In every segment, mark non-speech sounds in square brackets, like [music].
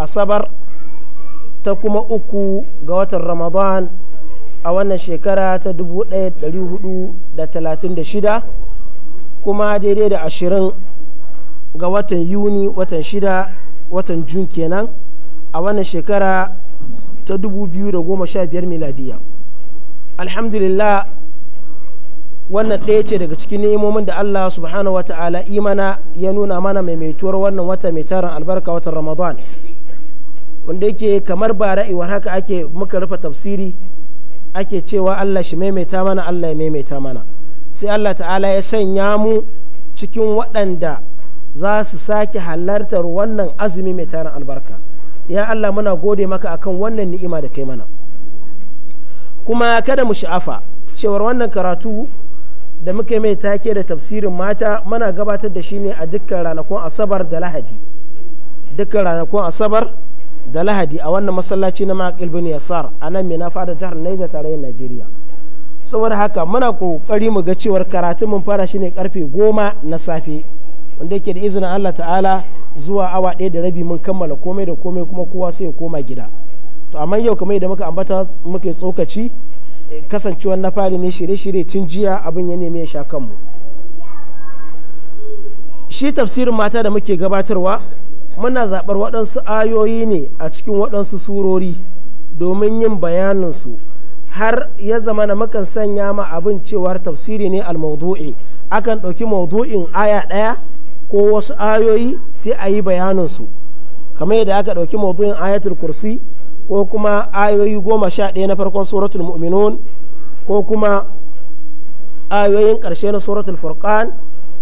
asabar ta kuma uku ga watan ramadan a wannan shekara ta 1436 kuma daidai da ashirin ga watan yuni watan shida watan jun kenan a wannan shekara ta 2015 miladiya alhamdulillah wannan ɗaya ce daga cikin ni'imomin da Allah subhanahu wa ta'ala imana ya nuna mana maimaituwar wannan wata mai tarin albarka watan ramadan wanda yake kamar ba iwar haka ake muka rufe tafsiri ake cewa Allah shi maimaita mana Allah ya maimaita mana sai Allah ta'ala ya sanya mu cikin waɗanda za su sake halartar wannan azumi mai tarin albarka ya Allah muna gode maka akan wannan ni'ima da kai mana kuma kada mu sha'afa cewar wannan karatu da muka mai take da tafsirin mata muna gabatar da shi ne a dukkan ranakun asabar da lahadi dukkan ranakun asabar da lahadi a wannan masallaci na maƙil bin yasar a nan mina fada jihar naija yin najeriya saboda haka muna ƙoƙari mu ga cewar karatun mun fara shine karfe goma na safe wanda yake da izinin allah ta'ala zuwa awa ɗaya da rabi mun kammala komai da komai kuma kowa sai ya koma gida to amma yau kamar yadda muka ambata muke tsokaci eh, kasancewar na fari ne shirye-shirye tun jiya abin ya nemi ya sha kanmu shi tafsirin mata da muke gabatarwa muna zaɓar waɗansu ayoyi ne a cikin waɗansu surori domin yin bayaninsu har ya zama na makan sanya ma abin cewar tafsiri ne almaudu'i akan ɗauki maudu'in aya ɗaya ko wasu ayoyi sai a yi bayaninsu kamar yadda aka ɗauki maudu'in ayatul kursi ko kuma ayoyi goma sha ɗaya na farkon suratul mu'minun ko kuma ayoyin ƙarshe na suratul furqan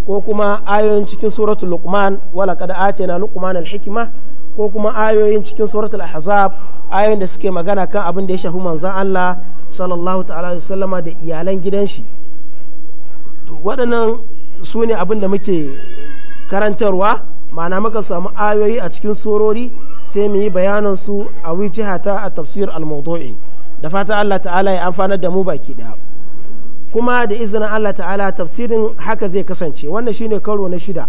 ko kuma ayoyin cikin suratul luqman wala kad na luqman al-hikma ko kuma ayoyin cikin suratul ahzab ayoyin da suke magana kan abin da ya shafi manzon Allah sallallahu ta'ala alaihi wasallama da iyalan gidan shi waɗannan su ne abin da muke karantarwa ma'ana muka samu ayoyi a cikin surori sai mu yi bayanan su a wijihata a tafsir al-mawdu'i da fata Allah ta'ala ya amfana da mu baki daya kuma da izinin Allah ta'ala tafsirin haka zai kasance wannan shine karo na shida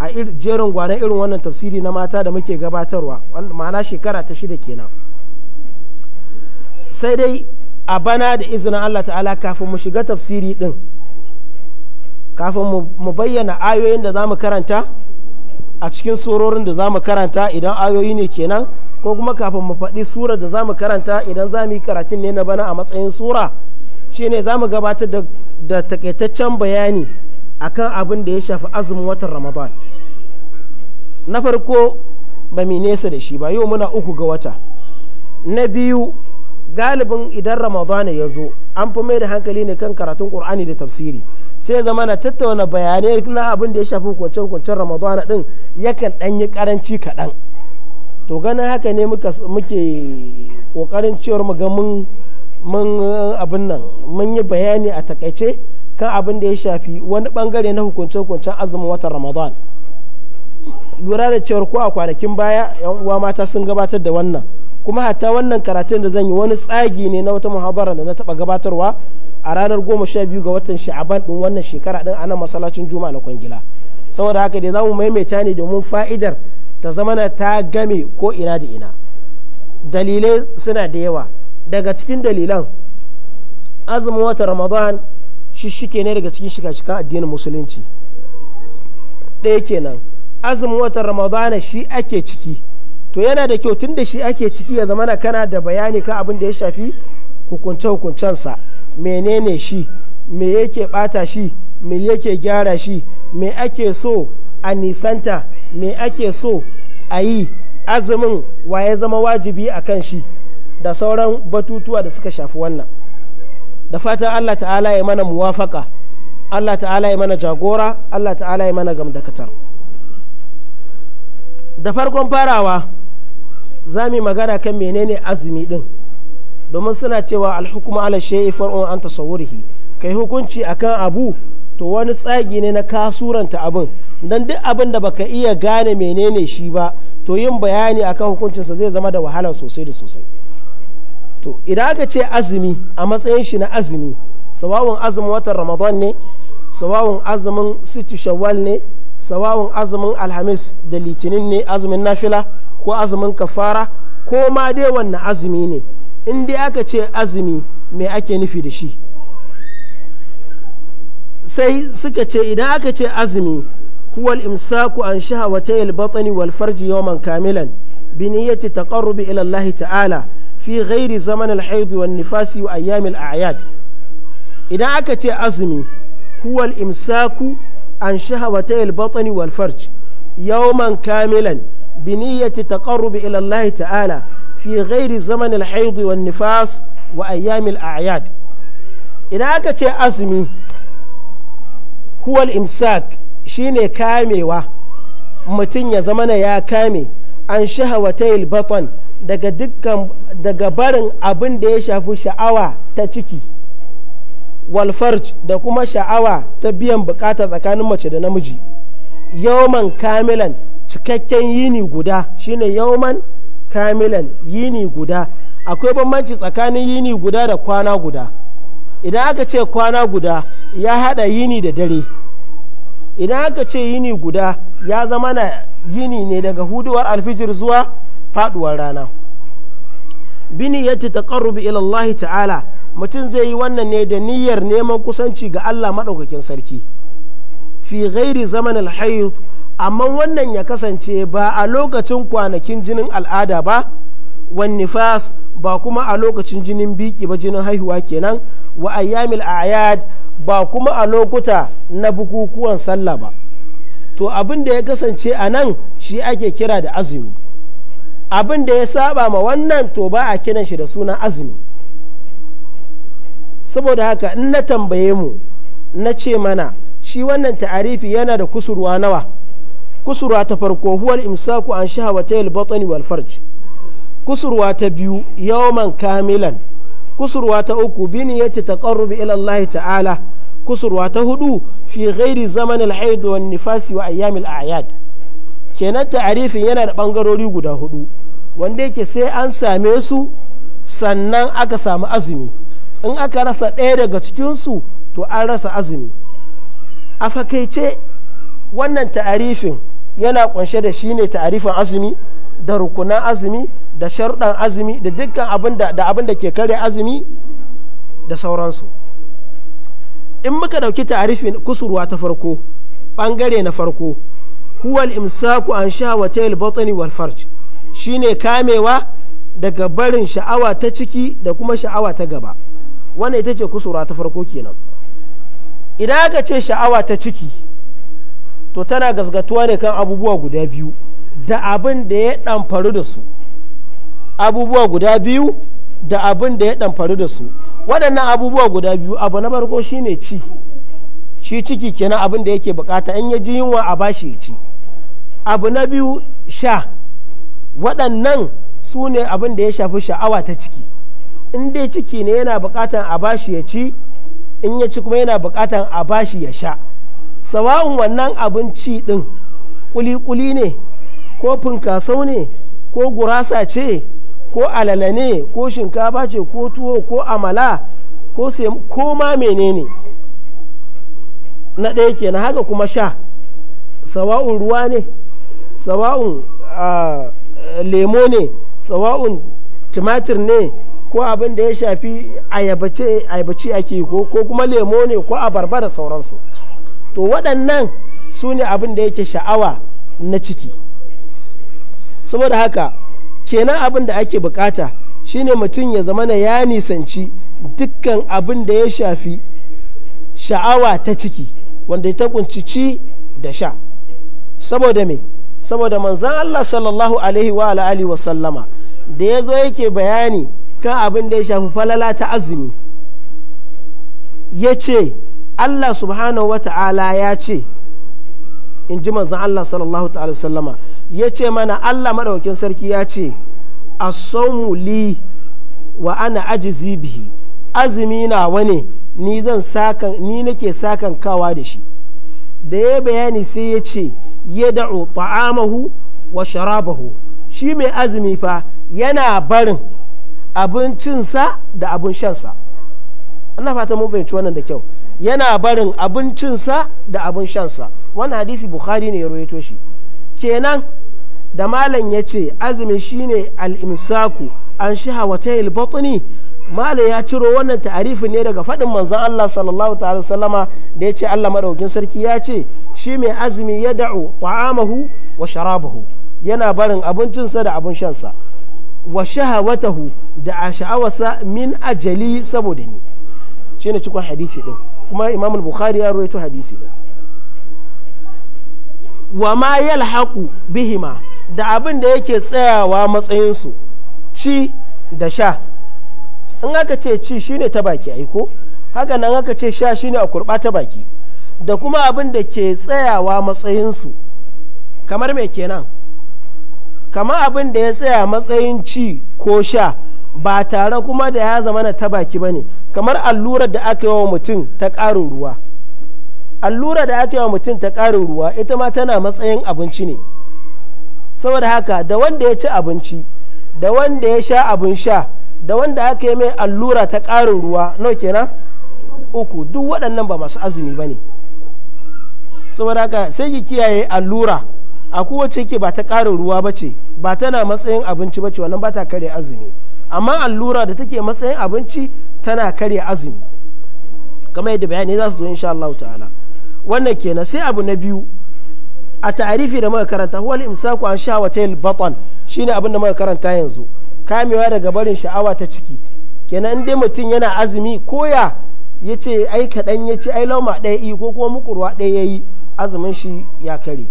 a jerin gwana irin wannan tafsiri na mata da muke gabatarwa ma'ana shekara ta shida kenan sai dai a bana da izinin Allah ta'ala kafin mu shiga tafsiri din kafin mu bayyana ayoyin da za mu karanta a cikin surorin da za mu karanta idan ayoyi ne kenan ko kuma kafin mu faɗi surar da za mu karanta idan za mu yi karatun ne na bana a matsayin sura ne za mu gabatar da, takaitaccen bayani akan abin da ya shafi azumin watan ramadan na farko ba mai nesa da shi ba yau muna uku ga wata na biyu galibin idan ramadan ya zo an fi mai da hankali ne kan karatun ƙur'ani da tafsiri sai zama na tattauna bayanai na abin da ya shafi hukunce hukuncen ramadan din yakan ɗan yi ƙaranci kaɗan to ganin haka ne muke ƙoƙarin cewar mu ga mun mun uh, abin nan mun yi bayani a takaice kan abin da ya shafi wani bangare na hukunce-hukuncen azumin watan ramadan lura da cewar ko a kwanakin baya yan uwa mata sun gabatar da wannan kuma hatta wannan karatun da zan yi wani tsagi ne na wata muhazara da na taba gabatarwa a ranar goma sha biyu ga watan sha'aban din wannan shekara din anan masallacin juma'a na kwangila saboda haka dai zamu mu maimaita ne domin fa'idar ta zamana ta game ko ina da ina dalilai suna da yawa daga cikin dalilan azumin wata ramadan shi shike ne daga cikin shika-shikan addinin musulunci ɗaya kenan azumin wata ramadana shi ake ciki to yana da kyau tun da shi ake ciki ya zamana kana da bayani ka abin da ya shafi hukunce-hukuncensa menene shi me yake bata shi me yake gyara shi me ake so a nisanta me ake so a yi azumin wa ya zama wajibi a kan shi da sauran batutuwa da suka shafi wannan da fatan Allah ta'ala ya mana muwafaka Allah ta'ala ya mana jagora Allah ta'ala ya mana gamdakatar da farkon farawa za mu magana kan menene azumi din domin suna cewa alhukuma ala shay'i far'un an tasawwurihi kai hukunci akan abu to wani tsagi ne na kasuranta abin don duk abin da baka iya gane menene shi ba to yin bayani akan hukuncinsa zai zama da wahala sosai da sosai to idan aka ce azumi a matsayin shi na azumi sawawun azumin watan ramadan ne sawawun azumin situ shawwal ne sawawun azumin alhamis da litinin ne azumin nafila ko azumin kafara ko ma dai wannan azumi ne in dai aka ce azumi me ake nufi da shi sai suka ce idan aka ce azumi هو الإمساك عن شهوتي البطن والفرج يوما كاملا بنية تقرب إلى الله تعالى في غير زمن الحيض والنفاس وأيام الأعياد إذا أكت أزمي هو الإمساك عن شهوتي البطن والفرج يوما كاملا بنية تقرب إلى الله تعالى في غير زمن الحيض والنفاس وأيام الأعياد إذا أكت أزمي هو الإمساك shine kamewa mutum ya zama na ya kame an shahawatayil baton daga dukkan daga barin abin da ya shafi sha'awa ta ciki walfarj da kuma sha'awa ta biyan bukata tsakanin mace da namiji yauman kamilan cikakken yini guda shine yauman kamilan yini guda akwai bambanci tsakanin yini guda da kwana guda idan aka ce kwana guda ya hada yini da dare idan aka ce yini guda ya zama na yini ne daga huduwar alfijir zuwa faduwar rana bini ya ta taqarrubi ilallahi ta'ala mutum zai yi wannan ne da niyyar neman kusanci ga Allah maɗaukakin sarki fi gairi zaman alhayd amma wannan ya kasance ba a lokacin kwanakin jinin al'ada ba wan nifas ba kuma a lokacin jinin biki ba jinin haihuwa kenan wa ayyamil ayad ba kuma a lokuta na bukukuwan sallah ba to abin da ya kasance a nan shi ake kira da azumi abin da ya saba ma wannan to ba a kiran shi da suna azumi saboda haka in na tambaye mu na ce mana shi wannan ta'arifi yana da kusurwa nawa kusurwa ta farko huwal imsaku an shahawatayil batani wal farj kusurwa ta biyu yawman kamilan kusurwa ta uku bini ya ta ƙarubi ilallahi ta'ala kusurwa ta hudu fi ghairi zaman alhaid wani nifasi wa ayyamil a'yad kenan ta'arifin yana da bangarori guda hudu wanda yake sai an same su sannan aka samu azumi in aka rasa ɗaya daga cikinsu to an rasa azumi a fakaice wannan ta'arifin yana kunshe da shi ne ta'arifin azumi da rukunan azumi da sharuɗan azumi da dukkan abin da ke kare azumi da sauransu in muka ɗauki ta'arifin kusurwa ta farko ɓangare na farko huwal imsaku an shahawatayil botany wal farj shine kamewa daga barin sha'awa ta ciki da kuma sha'awa ta gaba wannan ita ce kusurwa ta farko kenan idan aka ce sha'awa ta ciki to tana gasgatuwa ne kan abubuwa guda biyu da abin da ya ɗamfaru da su abubuwa guda biyu da abin da ya ɗamfaru da su waɗannan abubuwa guda biyu abu na farko shine ci shi ciki kenan abin da yake bukata in ya ji yunwa a bashi ya ci abu na biyu sha waɗannan su ne abin da ya shafi sha'awa ta ciki in dai ciki ne yana bukatan a bashi ya ci in ya ci kuma yana bukatan a bashi ya sha sawa'un wannan ci din kuli-kuli ne ko finkasau ne ko gurasa ce ko alalane ko shinkafa ce ko tuwo ko amala ko ko ma menene na ɗaya kenan haka kuma sha sawa'un ruwa ne sawa'un lemo ne sawa'un tumatir ne ko abin da ya shafi ayabace ake ko ko kuma lemo ne ko abarba da sauransu to waɗannan su ne abin da yake sha'awa na ciki saboda haka kenan abin da ake bukata shine mutum ya zamana ya nisanci dukkan abin da ya shafi sha'awa ta ciki wanda ya ci da sha saboda me saboda manzan Allah sallallahu alaihi wa wa sallama da ya zo yake bayani kan abin da ya shafi falala ta azumi ya ce Allah subhanahu wa ta'ala ya ce in ji manzan Allah sallallahu ta'ala sallama ya ce mana Allah maɗaukin sarki ya ce li wa ana aji bihi azumi na wani ni nake sakan kawa da shi da ya bayani sai ya ce ya da'u ta'amahu wa sharabahu shi mai azumi fa yana barin abincinsa da abin shansa ana fata mun fahimci wannan da kyau yana barin abincinsa da abin shansa Wani hadisi bukhari ne ya rawaito shi kenan da malam ya ce azumi shine al-imsaku an shahawata al-batni malam ya ciro wannan ta'arifin ne daga faɗin manzon Allah sallallahu ta'ala sallama da ya ce Allah maraukin sarki ya ce shi mai azumi ya da'u ta'amahu wa sharabahu yana barin abincinsa da abin shansa wa shahawatahu da a sha'awarsa min ajali saboda ni shine cikin hadisi din kuma imamul bukhari ya ruwaito hadisi din wa ma yalhaqu bihima da abin da yake tsayawa matsayinsu ci da sha in aka ce ci shine ta baki aiko haka nan aka ce sha shine a kurba ta baki da kuma abin da ke tsayawa matsayinsu kamar me kenan kamar abin da ya tsaya matsayin ci ko sha ba tare kuma da ya zama na ta baki ba ne kamar allurar da aka yi wa mutum ta ƙarin ruwa allura da aka yi wa mutum ta ƙarin ruwa ita ma tana matsayin abinci ne saboda haka da wanda ya ci abinci da wanda ya sha abin sha da wanda aka yi mai allura ta ƙarin ruwa nau kenan uku duk waɗannan ba masu azumi ba ne saboda haka sai ki kiyaye allura a kowace ke ba ta ƙarin ruwa ba ce ba tana matsayin abinci ba ce wannan ba ta karya azumi amma allura da take matsayin abinci tana karya azumi kamar yadda bayani za su zo insha Allah ta'ala wannan kenan sai abu na biyu a ta'arifi da muka karanta imsa imsaku an shahawatayil batan shine abin da muka yanzu kamewa daga barin sha'awa ta ciki kenan in dai mutum yana azumi koya ya ce ai kaɗan ya ce ai lauma ɗaya yi ko kuma mukurwa ɗaya ya yi azumin shi ya kare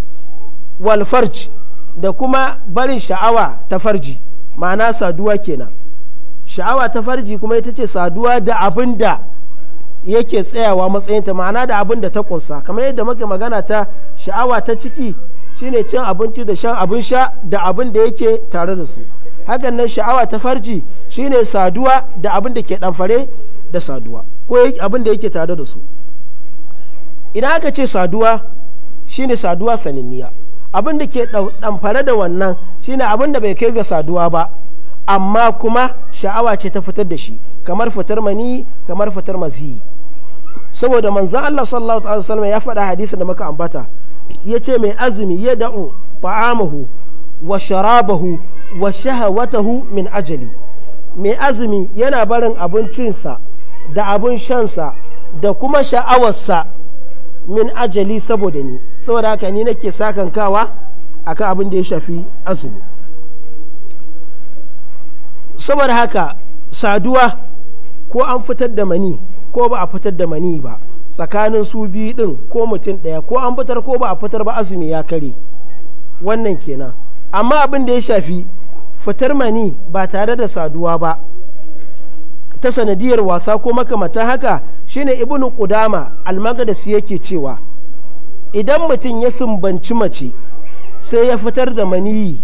wal farj da kuma barin sha'awa ta farji ma'ana saduwa kenan sha'awa ta farji kuma ita ce saduwa da abin da yake tsayawa matsayinta ma'ana da abin da ta kunsa kamar yadda muke magana ta sha'awa ta ciki shine cin abinci da shan abin sha da abin da yake tare da su hakan nan sha'awa ta farji shine saduwa da abin da ke ɗamfare da saduwa ko abin da yake tare da su idan aka ce saduwa shine saduwa saninniya abin da ke ɗamfare da wannan shine abin da bai kai ga saduwa ba amma kuma sha'awa ce ta fitar da shi kamar fitar mani kamar fitar maziyi saboda manzan Allah sallallahu alaihi wasallam ya faɗa hadisin da muka ambata ya ce mai azumi ya da'u ta'amahu wa sharabahu wa shahawatahu min ajali mai azumi yana barin abincinsa da abin shansa da kuma sha'awarsa min ajali saboda ni saboda haka ni nake sakankawa akan abin da ya shafi azumi saboda haka saduwa ko an fitar da mani ko ba a fitar da mani ba tsakanin su biyu din ko mutum ɗaya ko an fitar ko ba a fitar ba azumi ya kare wannan kenan amma abin da ya shafi fitar mani ba tare da saduwa ba ta sanadiyar wasa ko makamata haka shine ibnu qudama almagadasi yake cewa idan mutum ya sumbanci mace sai ya fitar da mani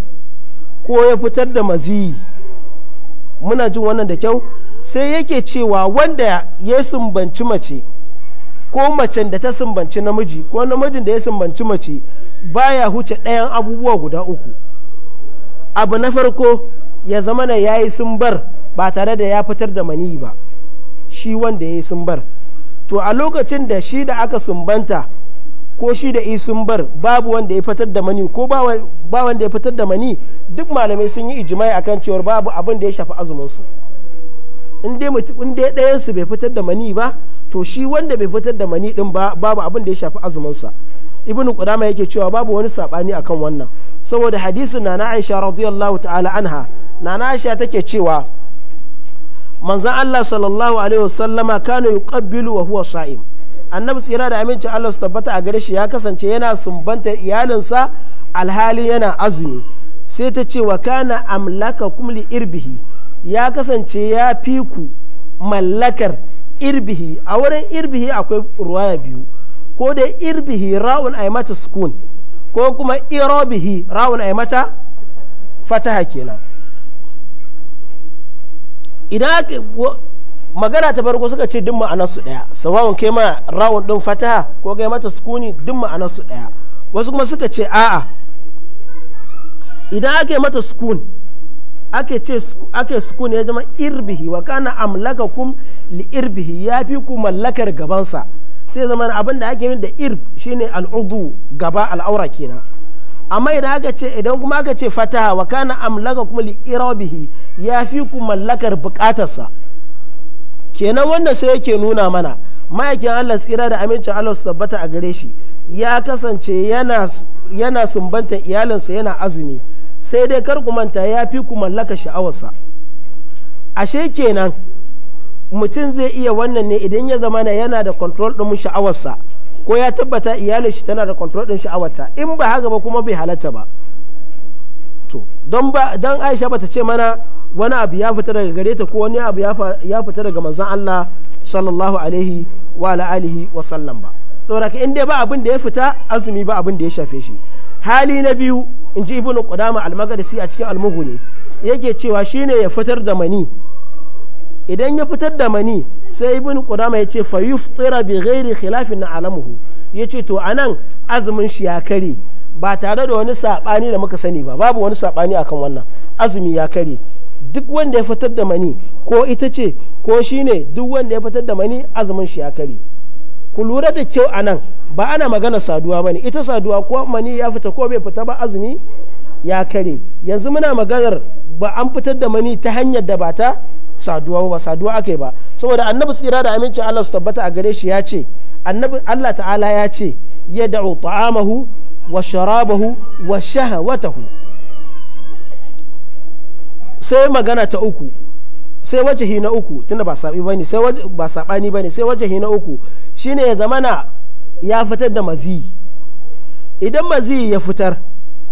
ko ya fitar da maziyi muna jin wannan da kyau sai yake cewa wanda ya sumbanci mace ko macen da ta sumbanci namiji ko namijin da ya sumbanci mace baya huce ɗayan abubuwa guda uku abu na farko ya zama na ya yi sumbar ba tare da ya fitar da mani ba shi wanda ya yi sumbar to a lokacin da shi da aka sumbanta ko shi da i sun bar babu wanda ya fitar da mani ko ba wanda ya fitar da mani duk malamai sun yi ijimai akan cewar babu abin da ya shafi azumin su in dai ɗayan su bai fitar da mani ba to shi wanda bai fitar da mani din babu abin da ya shafi azumin sa ibnu qudama yake cewa babu wani sabani akan wannan saboda hadisin na na aisha radiyallahu ta'ala anha na na aisha take cewa manzon Allah sallallahu alaihi wasallama kana yuqabbilu wa huwa sa'im annabi tsira da aminci Allah su tabbata a gare shi ya kasance yana sumbanta iyalinsa alhali yana azumi sai ta ce wa kana amlaka kumli irbihi ya kasance ya fi ku mallakar irbihi a wurin irbihi akwai ruwaya biyu ko dai irbihi ra'un aimata mata sukun ko kuma irobihi ra'un aimata fataha kenan idan magana ta farko suka ce duk ma'ana su daya sababin kai ma rawun din fataha ko kai mata sukuni duk ma'ana su daya wasu kuma suka ce a'a idan ake mata sukun ake ce ake sukun ya zama irbihi wa kana amlakakum li irbihi ya fi ku mallakar gabansa sai zama abin da ake min da irb shine al'udu gaba al'aura kenan amma idan aka ce idan kuma aka ce fataha wa kana amlakakum li irbihi ya fi ku mallakar bukatarsa kenan wannan sai yake nuna mana ma'aikin Allah tsira da amincin Allah su tabbata a gare shi ya kasance yana sumbanta iyalinsa yana azumi sai dai kar ku manta ya fi ku mallaka sha'awarsa ashe kenan mutum zai iya wannan ne idan ya zama yana da control ɗin sha'awarsa ko ya tabbata iyalin shi tana da control ɗin sha'awarta in ba haka ba kuma bai halatta ba to don ba ta aisha bata ce mana wani abu ya fita daga gare ta ko wani abu ya fita daga manzon Allah sallallahu alaihi wa alihi wa sallam ba saboda ka in ba abin da ya fita azumi ba abin da ya shafe shi hali na biyu in ji ibnu qudama al-maqdisi a cikin al-mughni yake cewa shine ya fitar da mani idan ya fitar da mani sai ibn qudama ya ce fa yuftira bi ghairi khilafin na alamuhu ya ce to anan azumin shi ya kare ba tare da wani saɓani da muka sani ba babu wani saɓani akan wannan azumi ya kare duk wanda ya fitar da mani ko ita ce ko shi ne duk wanda ya fitar da mani azumin shi ya kare ku lura da kyau a nan ba ana magana saduwa ba ne ita saduwa ko mani ya fita ko bai fita ba azumi ya kare yanzu muna maganar ba an fitar da mani ta hanyar da ba ta saduwa ba saduwa ake ba saboda annabi tsira da amincin Allah su tabbata a gare shi ya ce annabi Allah ta'ala ya ce ya da'u ta'amahu wa sharabahu wa shahawatahu sai magana ta uku sai wajahi na uku tunda ba sabi bane sai ba sabani bane sai wajahi na uku shine ya zamana ya fitar da mazi idan mazi ya fitar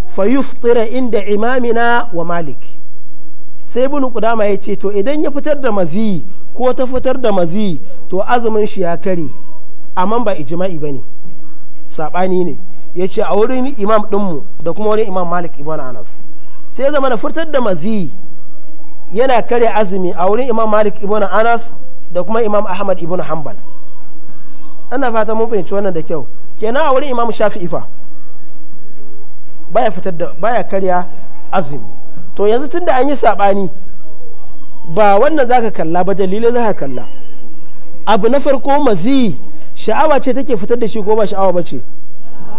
fa yuftira inda imamina wa malik sai bunu kudama ya ce to idan ya fitar da mazi ko ta fitar da mazi to azumin shi ya kare amma ba ijma'i bane saɓani ne ya ce a wurin imam ɗinmu da kuma wani imam malik ibn anas sai ya zama da furtar da mazi yana kare azumi a wurin imam malik ibn anas da kuma imam ahmad ibn hanbal ana fata mun fahimci wannan da kyau kenan a wurin imam shafi'i fa baya fitar da baya karya azumi to yanzu tunda an yi saɓani ba wannan zaka kalla ba dalilai zaka kalla abu na farko mazi sha'awa ce take fitar da shi ko ba sha'awa ba ce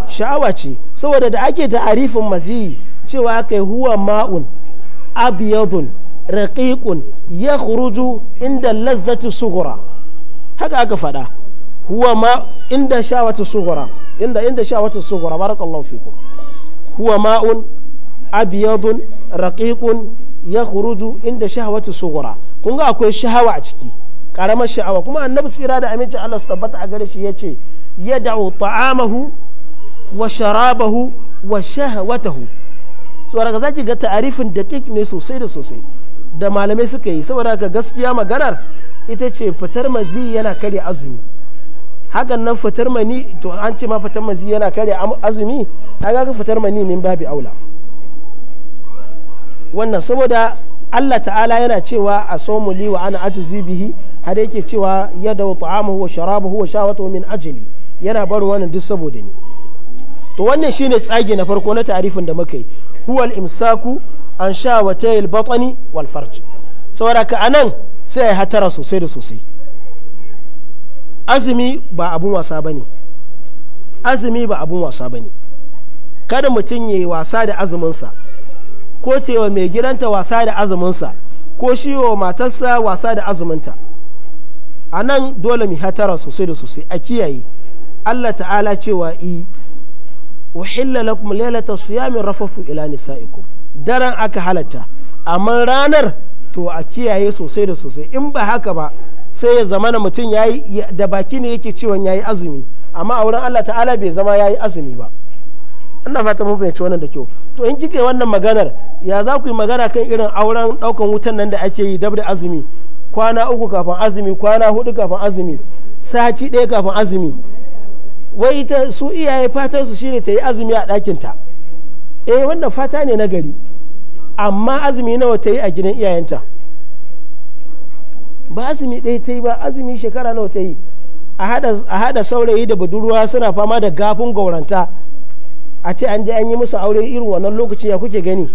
sha'awa ce saboda da ake ta'arifin maziyi cewa kai huwa ma'un abiyadun raqiqun ya inda lazzati sugura haka aka faɗa huwa ma inda shawatu sugura inda inda shawatu sugura barakallahu fikum huwa ma'un abiyadun raqiqun ya khuruju inda shawatu sugura kun ga akwai shahawa a ciki karamar sha'awa kuma annabi tsira da aminci Allah su tabbata a gare shi yace ya da'u ta'amahu wa sharabahu wa shahawatahu saboda za ki ga ta'arifin daƙiƙ ne sosai da sosai da malamai suka yi saboda ka gaskiya maganar ita ce fitar mazi yana kare azumi hakan nan fitar mani to an ce ma fitar mazi yana kare azumi a ga fitar mani ne babu aula wannan saboda Allah ta'ala yana cewa a somu liwa ana ajizi bihi har yake cewa da wa ta'amuhu wa huwa wa shawatu min ajili yana bar wannan duk saboda ni to wannan shine tsage na farko na tarifin da muka yi huwal imsaku an wa al batni wal farj saboda ka anan sai ya hatara sosai da sosai azumi ba abun wasa bane azumi ba abun wasa bane kada mutum yayi wasa da azuminsa ko wa mai gidanta wasa da azuminsa ko shi wa matarsa wasa da azuminta a nan dole mu hatara sosai da sosai a kiyaye Allah ta'ala cewa i uhilla lakum lailata siyamin rafafu ila nisaikum daren aka halatta amma ranar to a kiyaye sosai da sosai in ba haka ba sai ya zama mutum da baki ne yake cewa yayi azumi amma a wurin Allah ta'ala bai zama ya yi azumi ba ina fata mu fahimci wannan da kyau to in kike wannan maganar ya za ku yi magana kan irin auren daukan wutan nan da ake yi dab azumi kwana uku kafin azumi kwana hudu kafin azumi sati ɗaya kafin azumi wai ita su iyaye fatan su shine ta yi azumi a ɗakin ta eh wannan fata ne na gari amma azumi nawa ta yi a gidan iyayenta ba azumi ɗaya ta yi ba azumi shekara nawa ta yi a hada saurayi da budurwa suna fama da gafin gauranta a ce an je an yi musu aure irin wannan lokaci ya kuke gani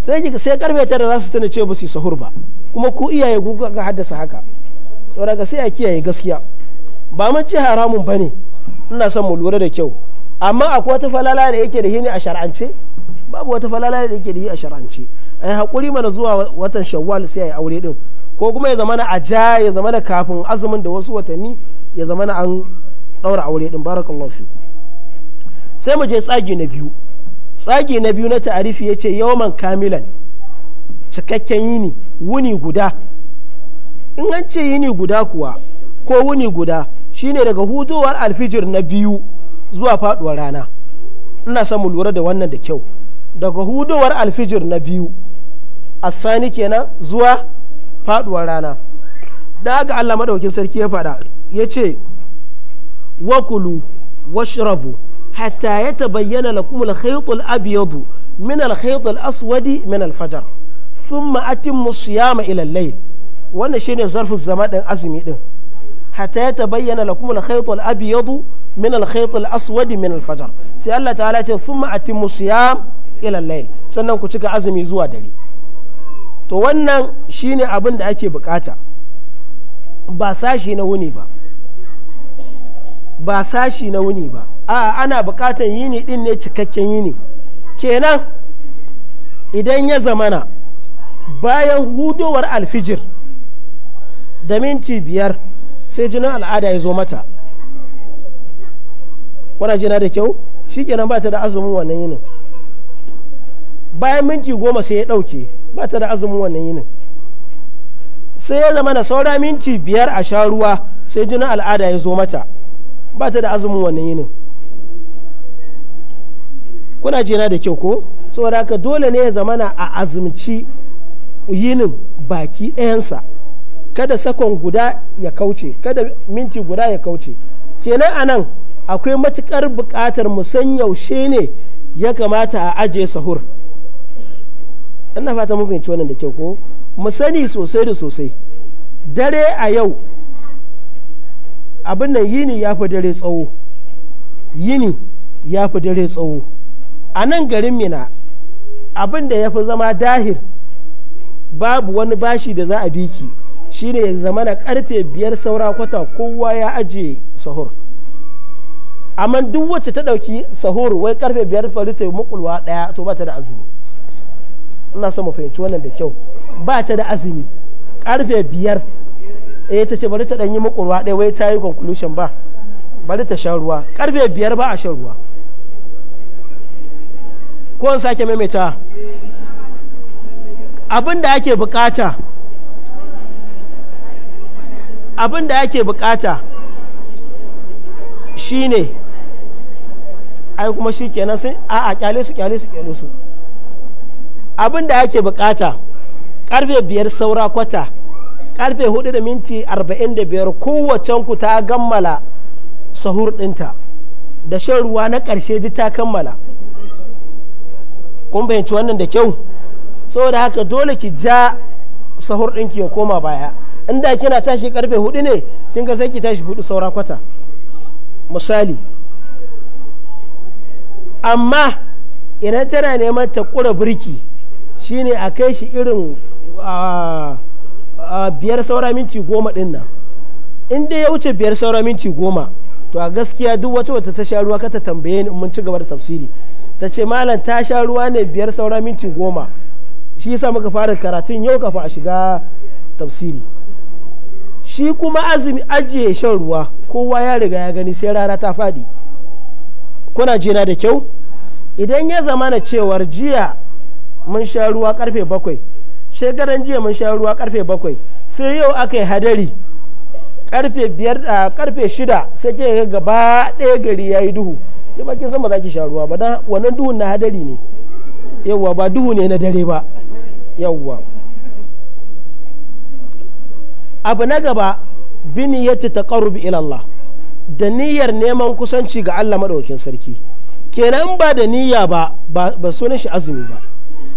sai sai karfe tara za su tana ce ba su yi sahur ba kuma ku iyaye ku ga haddasa haka saboda sai a kiyaye gaskiya ba mun ce haramun ba ne ina son mu lura da kyau amma akwai wata falala da yake da hini a shar'ance babu wata falala da yake da yi a shar'ance ai hakuri mana zuwa watan shawwal sai ai aure din ko kuma ya zama na aja ya zamana kafin azumin da wasu watanni ya na an daura aure din barakallahu fiku sai mu je tsagi na biyu tsagi na biyu na ta'arifi ya ce yawman kamilan cikakken yini wuni guda in an ce yini guda kuwa ko wuni guda shine daga hudowar alfijir na biyu zuwa faduwar rana ina son mu lura da wannan da kyau daga hudowar alfijir na biyu a sani kenan zuwa faduwar rana da ga Allah madaukin sarki ya faɗa ya ce wakulu washrabu Hata ya tabayyana lakum al-khayt al-abyad min al-khayt al-aswad min al-fajr thumma atimmu siyama ila al-layl wannan shine zarfu zama azumi ɗin hata ya tabayyana lakum al-khayt al-abyad min al-khayt al-aswad min al-fajr sai Allah ta'ala ce thumma atimmu siyam ila sannan ku cika azumi zuwa dare to wannan shine abin da ake bukata ba sashi na wuni ba ba sashi na wuni ba a ana bukatan yini din ne cikakken yini kenan idan ya zamana bayan hudowar alfijir da minti biyar sai jinin al'ada ya zo mata wana jina da kyau shi kenan ba ta da azumin wannan yinin bayan minti goma sai ya ɗauke ba ta da azumin wannan yinin sai ya zama da saura minti biyar a sha ruwa sai jinin al'ada ya zo mata ba ta da azumin wannan yinin kuna jina da kyau ko saboda haka dole ne ya zamana a azumci yinin baki ɗayansa kada sakon guda ya kauce kada minti guda ya kauce kenan nan akwai matukar buƙatar musan yaushe ne ya kamata a aje sahur ina fata mun fahimci wannan da kyau ko mu sani sosai da sosai dare a yau abin nan yini ya fi dare tsawo yini ya fi dare tsawo a nan garin mina abin da ya fi zama dahir babu wani bashi da za a bi biki shine ya zama na karfe biyar saura kwata kowa ya ajiye sahur amma duk wacce ta ɗauki sahur wai karfe biyar fari yi mukulwa ɗaya to ba ta da azumi ina so mu fahimci wannan da kyau ba ta da azumi karfe biyar eh ta ce bari ta ɗanyi makurwa ɗaya wai ta yi conclusion ba bari ta sha ruwa karfe biyar ba a shan ruwa ko an sake maimaita abin da ake bukata abin da ake bukata shine ai kuma shi kenan sai a a kyale su kyale su kyale su abin da ake bukata karfe biyar saura kwata karfe hudu da minti arba'in da biyar kowacen ku ta gammala sahur ɗinta da shan ruwa na ƙarshe duk ta kammala kun fahimci wannan da kyau saboda haka dole ki ja sahur ɗinki ya koma baya inda kina tashi karfe hudu ne kin ga sai ki tashi hudu saura kwata misali amma ina tana neman ta kura birki shine a kai shi irin ah, biyar saura minti goma din nan in dai ya wuce biyar saura minti goma to a gaskiya duk wata wata ta sha ruwa kata tambaye ni mun ci gaba da tafsiri ta ce malam ta sha ruwa ne biyar saura minti goma shi yasa muka fara karatun yau kafa a shiga tafsiri shi kuma azumi ajiye shan ruwa kowa ya riga ya gani sai rana ta faɗi kuna jina da kyau idan ya zamana na cewar jiya mun sha ruwa karfe bakwai shekaran jiya mun sha ruwa karfe bakwai sai yau aka yi hadari karfe biyar a karfe shida sai ke gaba ɗaya gari ya yi duhu sai ba kin san ba za ki sha ruwa ba dan wannan duhun na hadari ne yawwa ba duhu ne na dare ba yawwa abu na gaba bini ya ci taƙarubi ilallah da niyyar neman kusanci ga Allah maɗaukin sarki kenan ba da niyya ba ba sunan shi azumi ba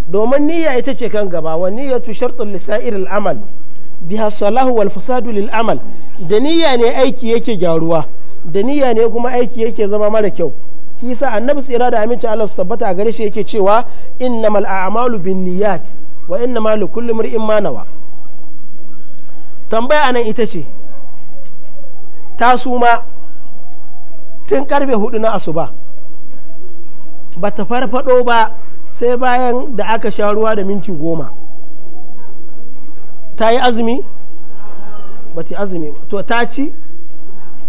domin niyya ita ce kan gaba wa niyyatu shartun lisa'ir al'amal biha salahu wal fasadu lil amal da niyya ne aiki yake gyaruwa da niyya ne kuma aiki yake zama mara kyau shi yasa annabi tsira da aminci Allah su tabbata a gare shi yake cewa innamal a'malu niyyat wa innamal kulli mar'in ma nawa tambaya anan ita ce ta suma tun karfe hudu na asuba ba ta farfado ba sai bayan da aka sha ruwa da minti goma ta yi azumi ba ta azumi ba to ta ci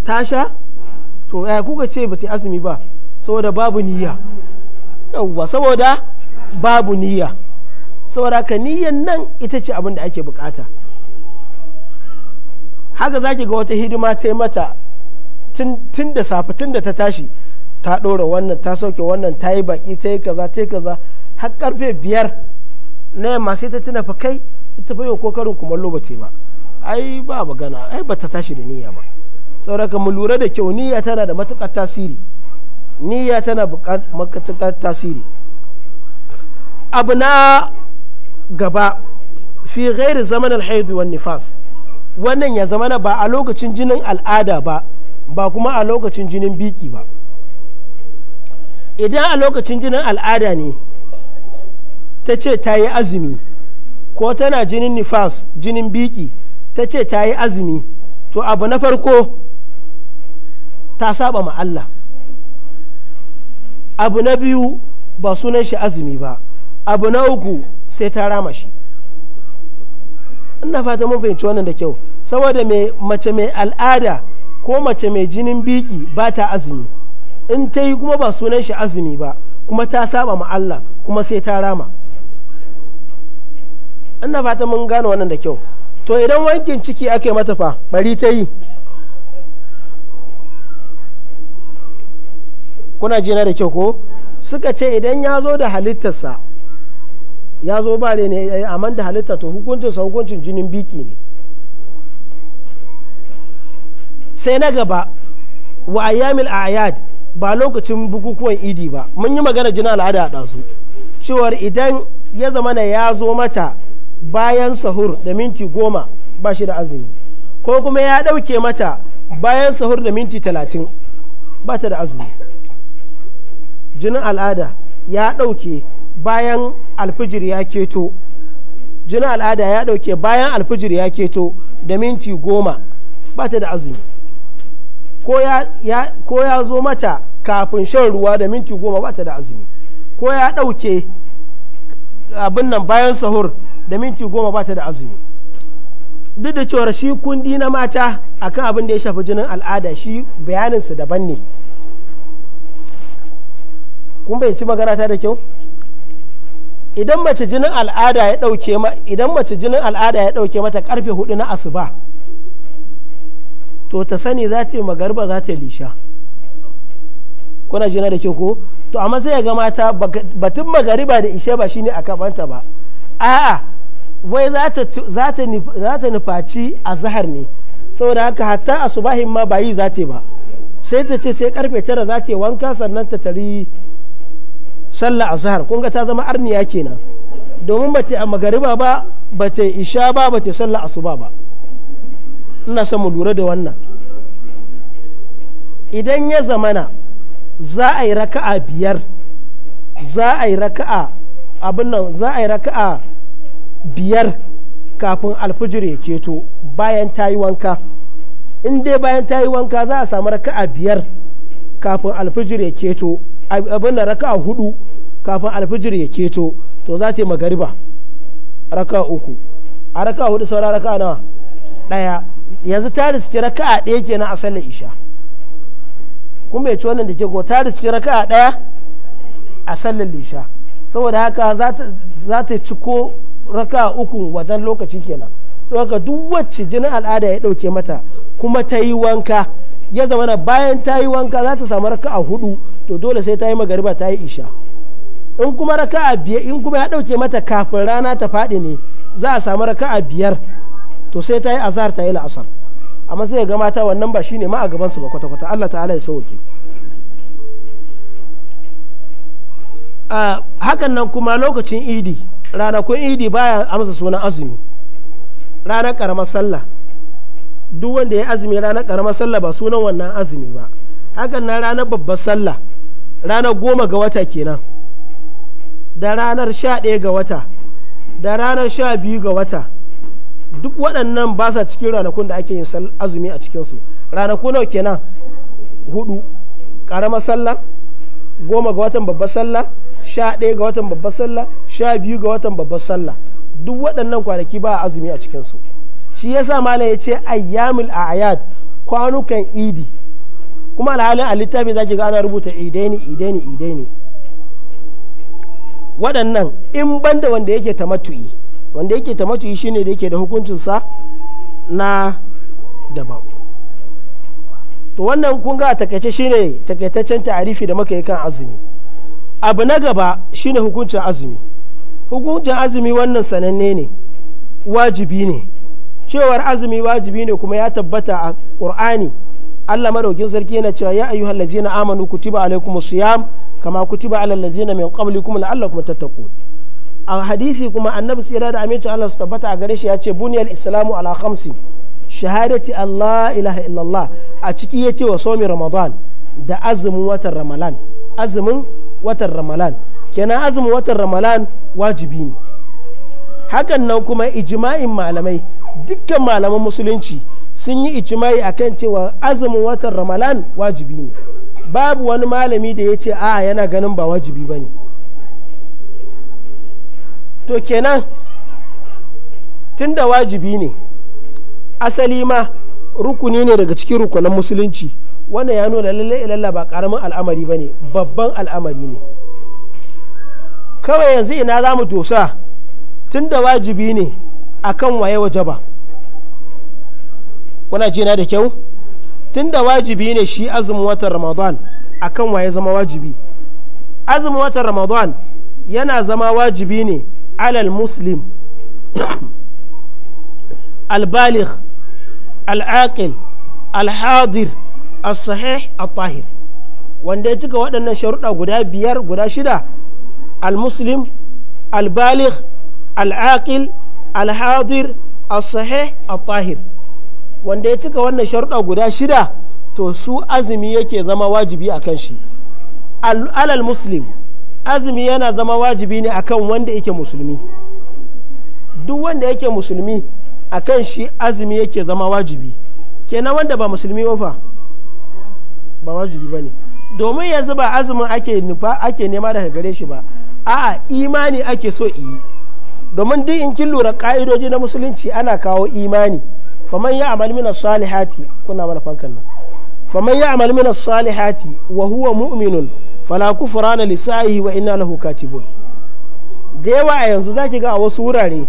ta sha to ya kuka ce ba ta azumi ba saboda babu niyya yauwa saboda babu niyya saboda ka niyyan nan ita ce abin da ake bukata haka zaki ga wata hidima ta mata tun da safe tun da ta tashi ta ɗora wannan ta sauke wannan ta yi baki ta yi kaza ta yi kaza har karfe biyar na yamma sai ta tuna fa kai ita fa yau ko karin kumallo ba ce ba ai ba magana ai ba ta tashi da niyya ba saboda mu lura da kyau niyya tana da matukar tasiri niyya tana matukar tasiri abu na gaba fi ghairi zaman alhaidu wan nifas wannan ya zamana ba a lokacin jinin al'ada ba ba kuma a lokacin jinin biki ba idan a lokacin jinin al'ada ne ta ce ta yi azumi ko tana jinin nifas jinin biki ta ce ta yi azumi to abu na farko ta saba ma Allah abu na biyu ba sunan shi azumi ba abu na uku sai ta rama shi ina fata mun fahimci wannan da kyau saboda mai mace mai al'ada ko mace mai jinin biki ba ta azumi in ta yi kuma ba sunan shi azumi ba kuma ta saba ma Allah kuma sai ta rama ina fata mun gane wannan da kyau to idan wankin ciki ake mata fa bari ta yi kuna ji na da kyau ko suka ce idan ya zo da halittarsa ya zo ba ne eh, amma da halitta to hukuncinsa hukuncin jinin biki ne sai na gaba wa ayyamil ayad ba lokacin bukukuwan idi ba mun yi magana jina al'ada a ɗazu cewar idan ya zama na ya zo mata bayan sahur da minti goma ba shi da azumi ko kuma ya ɗauke mata bayan sahur da minti talatin ba ta da azumi jinin al'ada ya ɗauke bayan alfijir ya keto jinin al'ada ya ɗauke bayan alfijir ya keto da minti goma ba ta da azumi ko ya zo mata kafin shan ruwa da minti goma ba ta da azumi ko ya ɗauke abin nan bayan sahur da minti goma ba ta da azumi duk da cewa shi kundi na mata akan abin da ya shafi jinin al'ada shi bayaninsa daban ne kun bai ci magana ta da kyau idan mace jinin al'ada ya dauke ma idan mace jinin al'ada ya dauke mata karfe hudu na asuba to ta sani za ta yi magarba za ta yi lisha kuna jina da ke ko to amma sai ya ga mata batun magariba da ishe ba shine a kabanta ba a'a wai za ta nufaci a zahar ne saboda haka hatta a subahin ma bayi za ta ba sai ta ce sai karfe tara za ta wanka sannan ta tari sallah a zahar kunga ta zama arniya kenan domin ba ta a magariba ba ba ta isha ba ba ta sallah suba ba ina son mu lura da wannan idan ya zamana za a yi raka'a biyar za a yi raka'a abin nan za a yi raka'a biyar kafin alfijir ya keto bayan ta yi wanka in dai bayan ta yi wanka za a samu raka'a biyar kafin alfijir ya keto abin da raka'a hudu kafin alfijir ya keto to za ta yi magariba raka'a uku a raka'a hudu saura raka'a nawa daya yanzu ta riski raka'a ɗaya kenan a sallar isha kun bai ci wannan da ke ko ta riski raka'a ɗaya a sallar isha saboda haka za ta ci ko. raka uku wajen lokaci kenan saboda duk wacce jinin al'ada ya dauke mata kuma ta yi wanka ya zama na bayan ta yi wanka za ta samu raka'a hudu to dole sai ta yi magariba ta yi isha in kuma raka'a biyar in kuma ya dauke mata kafin rana ta faɗi ne za a samu raka'a biyar to sai ta yi azhar ta yi la'asar amma sai ya ga mata wannan ba shine ma a gaban su ba kwata kwata Allah ta'ala ya sauke ah, hakan nan kuma lokacin idi ranakun idi baya amsa sunan azumi ranar karamar sallah duk wanda ya azumi ranar karamar sallah ba sunan wannan azumi ba hakan na ranar babbar sallah ranar goma ga wata kenan da ranar sha ɗaya ga wata da ranar sha biyu ga wata duk waɗannan ba sa cikin ranakun da ake yin azumi a cikinsu ranaku nawa kenan hudu ƙaramar sallah goma ga watan babbar sallah sha ɗaya ga watan babbar sallah sha biyu ga watan babbar sallah duk waɗannan kwanaki ba azumi a cikinsu shi yasa malam ya ce ayyamul ayad kwanukan idi kuma alhalin a littafin zaki ga ana rubuta idaini idaini idaini waɗannan in banda wanda yake tamattu'i wanda yake tamattu'i shine da yake da hukuncinsa na daban to wannan kun ga takaice shine takaitaccen ta'arifi da muka yi kan azumi abu na gaba shine hukuncin azumi hukuncin azumi wannan sananne ne wajibi ne cewar azumi wajibi ne kuma ya tabbata a qur'ani Allah madaukin sarki yana cewa ya ayyuhal ladzina amanu kutiba alaikumus siyam kama kutiba alal ladzina min qablikum la'allakum tattaqun a hadisi kuma annabi tsira da aminci Allah su tabbata a gare shi ya ce buniyal islamu ala khamsin shahadati Allah ilaha illallah a ciki ya ce wa somi ramadan da azumin watan ramalan azumin watan ramalan kenan azumin watan ramalan wajibi ne hakan nan kuma ijma'in malamai dukkan malaman musulunci sun yi ijma'i akan cewa azumin watan ramalan wajibi ne babu wani malami da ya ce a yana ganin ba wajibi ba ne to kenan tun da wajibi ne asali ma rukuni ne daga cikin rukunan musulunci wannan ya nuna lalle ilalla ba karamin al'amari ba ne babban al'amari ne kawai yanzu ina za mu dosa tun da wajibi ne a kan waye waje ba kuna jina da kyau tun da wajibi ne shi azumin watan ramadan a kan waye zama wajibi azumin watan ramadan yana zama wajibi ne alal muslim [coughs] albalik al’aƙil alhadir as-sahih at-tahir wanda ya cika waɗannan sharuɗa guda biyar guda shida al-muslim al balik al-aqil al as-sahih wanda ya cika wannan sharuɗa guda shida to su azumi yake zama wajibi a kan shi alal muslim azumi yana zama wajibi ne akan wanda yake musulmi duk wanda yake musulmi kan shi azumi yake zama wajibi kenan wanda ba musulmi ba ba wajibi ba ne domin yanzu ba azumin ake nufa ake nema daga gare shi ba a'a imani ake so yi domin duk in kin lura ka'idoji na musulunci ana kawo imani faman ya amal mina salihati kuna mana fankan nan faman ya amal mina salihati wa huwa mu'minun fala kufrana lisa'ihi wa inna lahu katibun da yawa a yanzu zaki ga a wasu wurare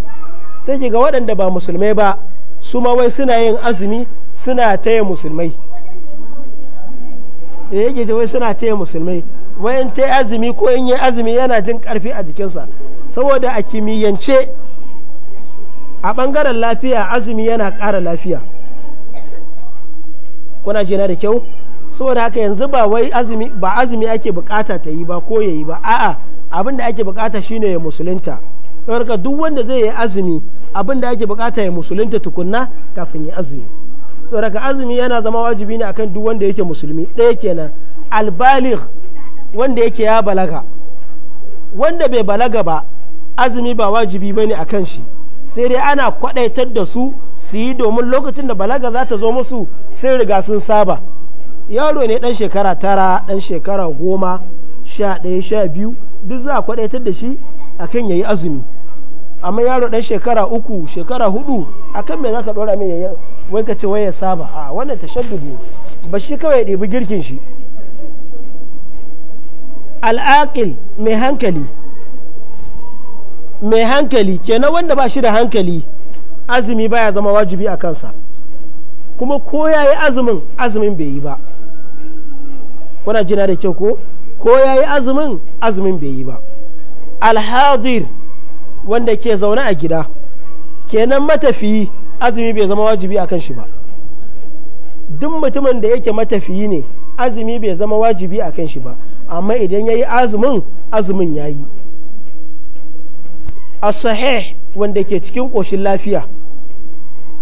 sai ki ga waɗanda ba musulmai ba su ma wai suna yin azumi suna taya musulmai eh yake ji wai suna taya musulmai wai in taya azumi ko in yi azumi yana jin karfi a jikinsa saboda a kimiyyance a ɓangaren lafiya azumi yana ƙara lafiya kuna jina da kyau saboda haka yanzu ba wai azumi ba azumi ake bukata ta yi ba ko ya yi ba a'a abin da ake bukata shine ya musulunta ɗaurka duk wanda zai yi azumi abin da ake bukata ya musulunta tukunna kafin ya azumi ɗaurka azumi yana zama wajibi ne akan duk wanda yake musulmi ɗaya kenan albaligh wanda yake ya balaga wanda bai balaga ba azumi ba wajibi ba ne akan shi sai dai ana kwaɗaitar da su su yi domin lokacin da balaga za ta zo musu sun riga sun saba yaro ne ɗan shekara tara ɗan shekara goma sha ɗaya sha biyu duk za a kwaɗaitar da shi akan yayi azumi amma yaro ɗan shekara uku shekara hudu akan me zaka dora mai yayi wai ka wai ya saba a wannan tashaddud ne ba shi kawai ya ɗebi girkin shi al'aqil mai hankali mai hankali kenan wanda ba shi da hankali azumi baya zama wajibi a kansa kuma ko ya yi azumin azumin bai yi ba kuna jina da kyau ko ko ya azumin azumin bai yi ba alhadir wanda ke zaune a gida kenan matafiyi azumi bai zama wajibi a kan shi ba duk mutumin da yake matafiyi ne azumi bai zama wajibi a kan shi ba amma idan ya yi azumin azumin ya yi a sahih wanda ke cikin ƙoshin lafiya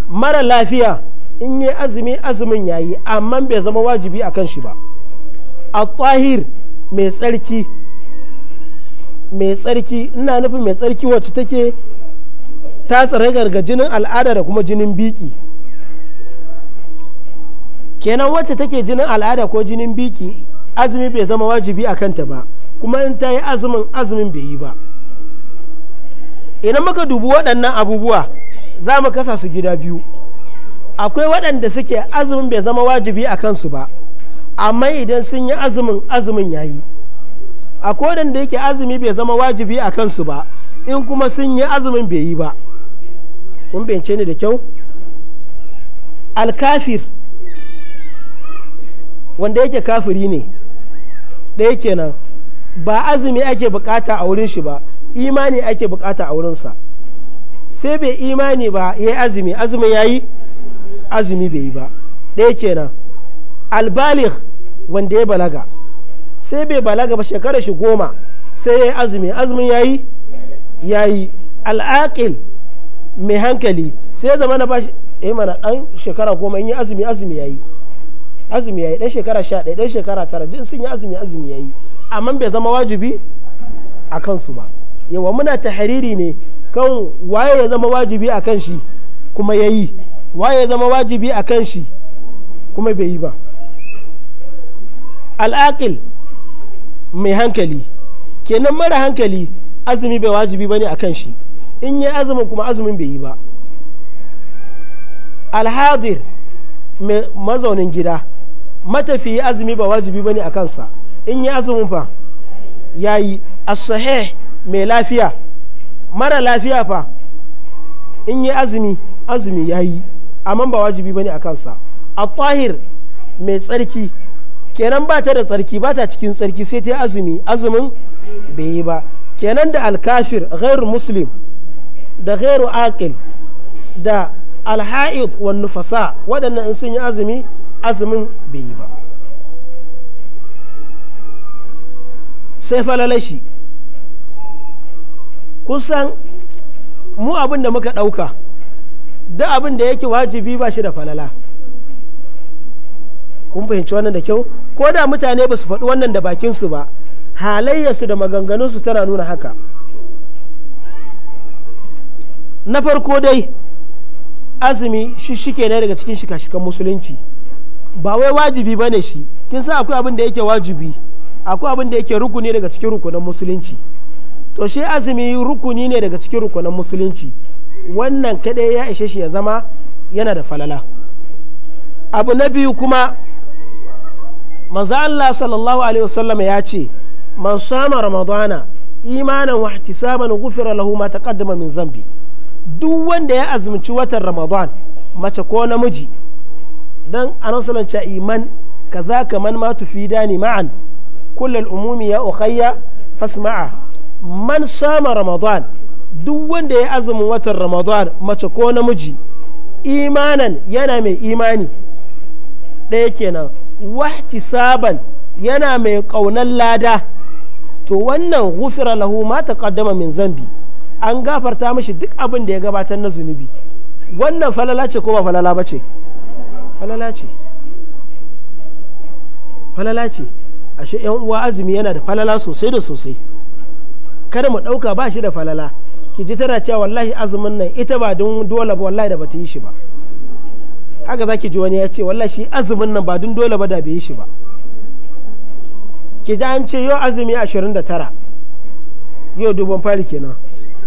mara lafiya in yi azumi azumin ya yi amma bai zama wajibi a kan shi ba a tsahir mai tsarki mai tsarki ina nufin mai tsarki wacce take ta tsare ga jinin al'ada da kuma jinin biki kenan wacce take jinin al'ada ko jinin biki azumi bai zama wajibi a kanta ba kuma in ta yi azumin azumin bai yi ba idan muka dubi waɗannan abubuwa za mu kasa su gida biyu akwai waɗanda suke azumin bai zama wajibi a kansu ba amma idan sun yi azumin azumin ya yi a kodan da yake azumi bai zama wajibi a kansu ba in kuma sun yi azumin bai yi ba kun bince ni da kyau alkafir wanda yake kafiri ne ɗaya kenan ba azumi ake bukata a wurin shi ba imani ake bukata a wurinsa sai bai imani ba ya azumi azumi ya yi azumi bai yi ba ɗaya kenan albalik wanda ya balaga sai bai balaga ba shekarar shi goma sai ya yi azumi azumin ya yi ya yi al'aƙil mai hankali sai zama na ba shi eh mana ɗan shekara goma in yi azumi azumi ya yi azumi ya yi ɗan shekara sha ɗaya ɗan shekara tara duk sun yi azumi azumi ya yi amma bai zama wajibi a kansu ba yawa muna tahariri ne kan waye ya zama wajibi a kan shi kuma ya yi waye ya zama wajibi a kan shi kuma bai yi ba al'aƙil mai hankali kenan mara hankali azumi bai wajibi bane a kan shi in yi azumin kuma azumin bai yi ba alhadir mai mazaunin gida matafiyi azumi ba wajibi bane a kansa in yi azumin fa ya yi asahe mai lafiya mara lafiya fa in yi azumi azumi ya yi amma ba wajibi bane a kansa a mai tsarki kenan ba ta da tsarki ba ta cikin tsarki sai ta yi azumi azumin bai yi ba kenan da alkafir ghairu muslim da ghairu aqil da alha'id wa nufasa waɗannan in sun yi azumi azumin bai yi ba sai falalashi kusan mu abin da muka ɗauka da abin da yake wajibi ba shi da falala kun fahimci wannan da kyau ko da mutane ba su faɗi wannan da bakinsu ba halayyarsu da maganganunsu tana nuna haka na farko dai azumi shi shike ne daga cikin shika-shikan musulunci ba wai wajibi ba ne shi kin san akwai abin da yake wajibi akwai abin da yake rukuni daga cikin rukunan musulunci to shi azumi rukuni ne daga cikin rukunan musulunci wannan kadai ya ishe shi ya zama yana da falala abu na biyu kuma manzo Allah sallallahu alaihi wasallam ya ce man sama ramadana imanan wa ihtisaban ghufira lahu ma taqaddama min zambi duk wanda ya azumci watan ramadan mace ko namiji dan anasalan cha iman kaza kaman ma tufidani ma'an kullal umumi ya ukhayya fasma'a man sama ramadan duk wanda ya azumin watan ramadan mace ko namiji imanan yana mai imani ɗaya kenan saban yana mai ƙaunar lada to wannan gufira lahu ma kaddama min zambi an gafarta mashi duk abin da ya gabatar na zunubi wannan falala ce ko ba falala ba ce falala ce falala ce ashe yan uwa azumi yana da falala sosai da sosai kada mu ɗauka ba shi da falala ki ji tana cewa wallahi azumin nan ita ba don dole ba wallahi da bata yi shi ba haka zaki ji wani ya ce wallahi shi azumin nan ba dun dole ba da bai yi shi ba ki ji an ce yau azumi 29 yau dubban fari kenan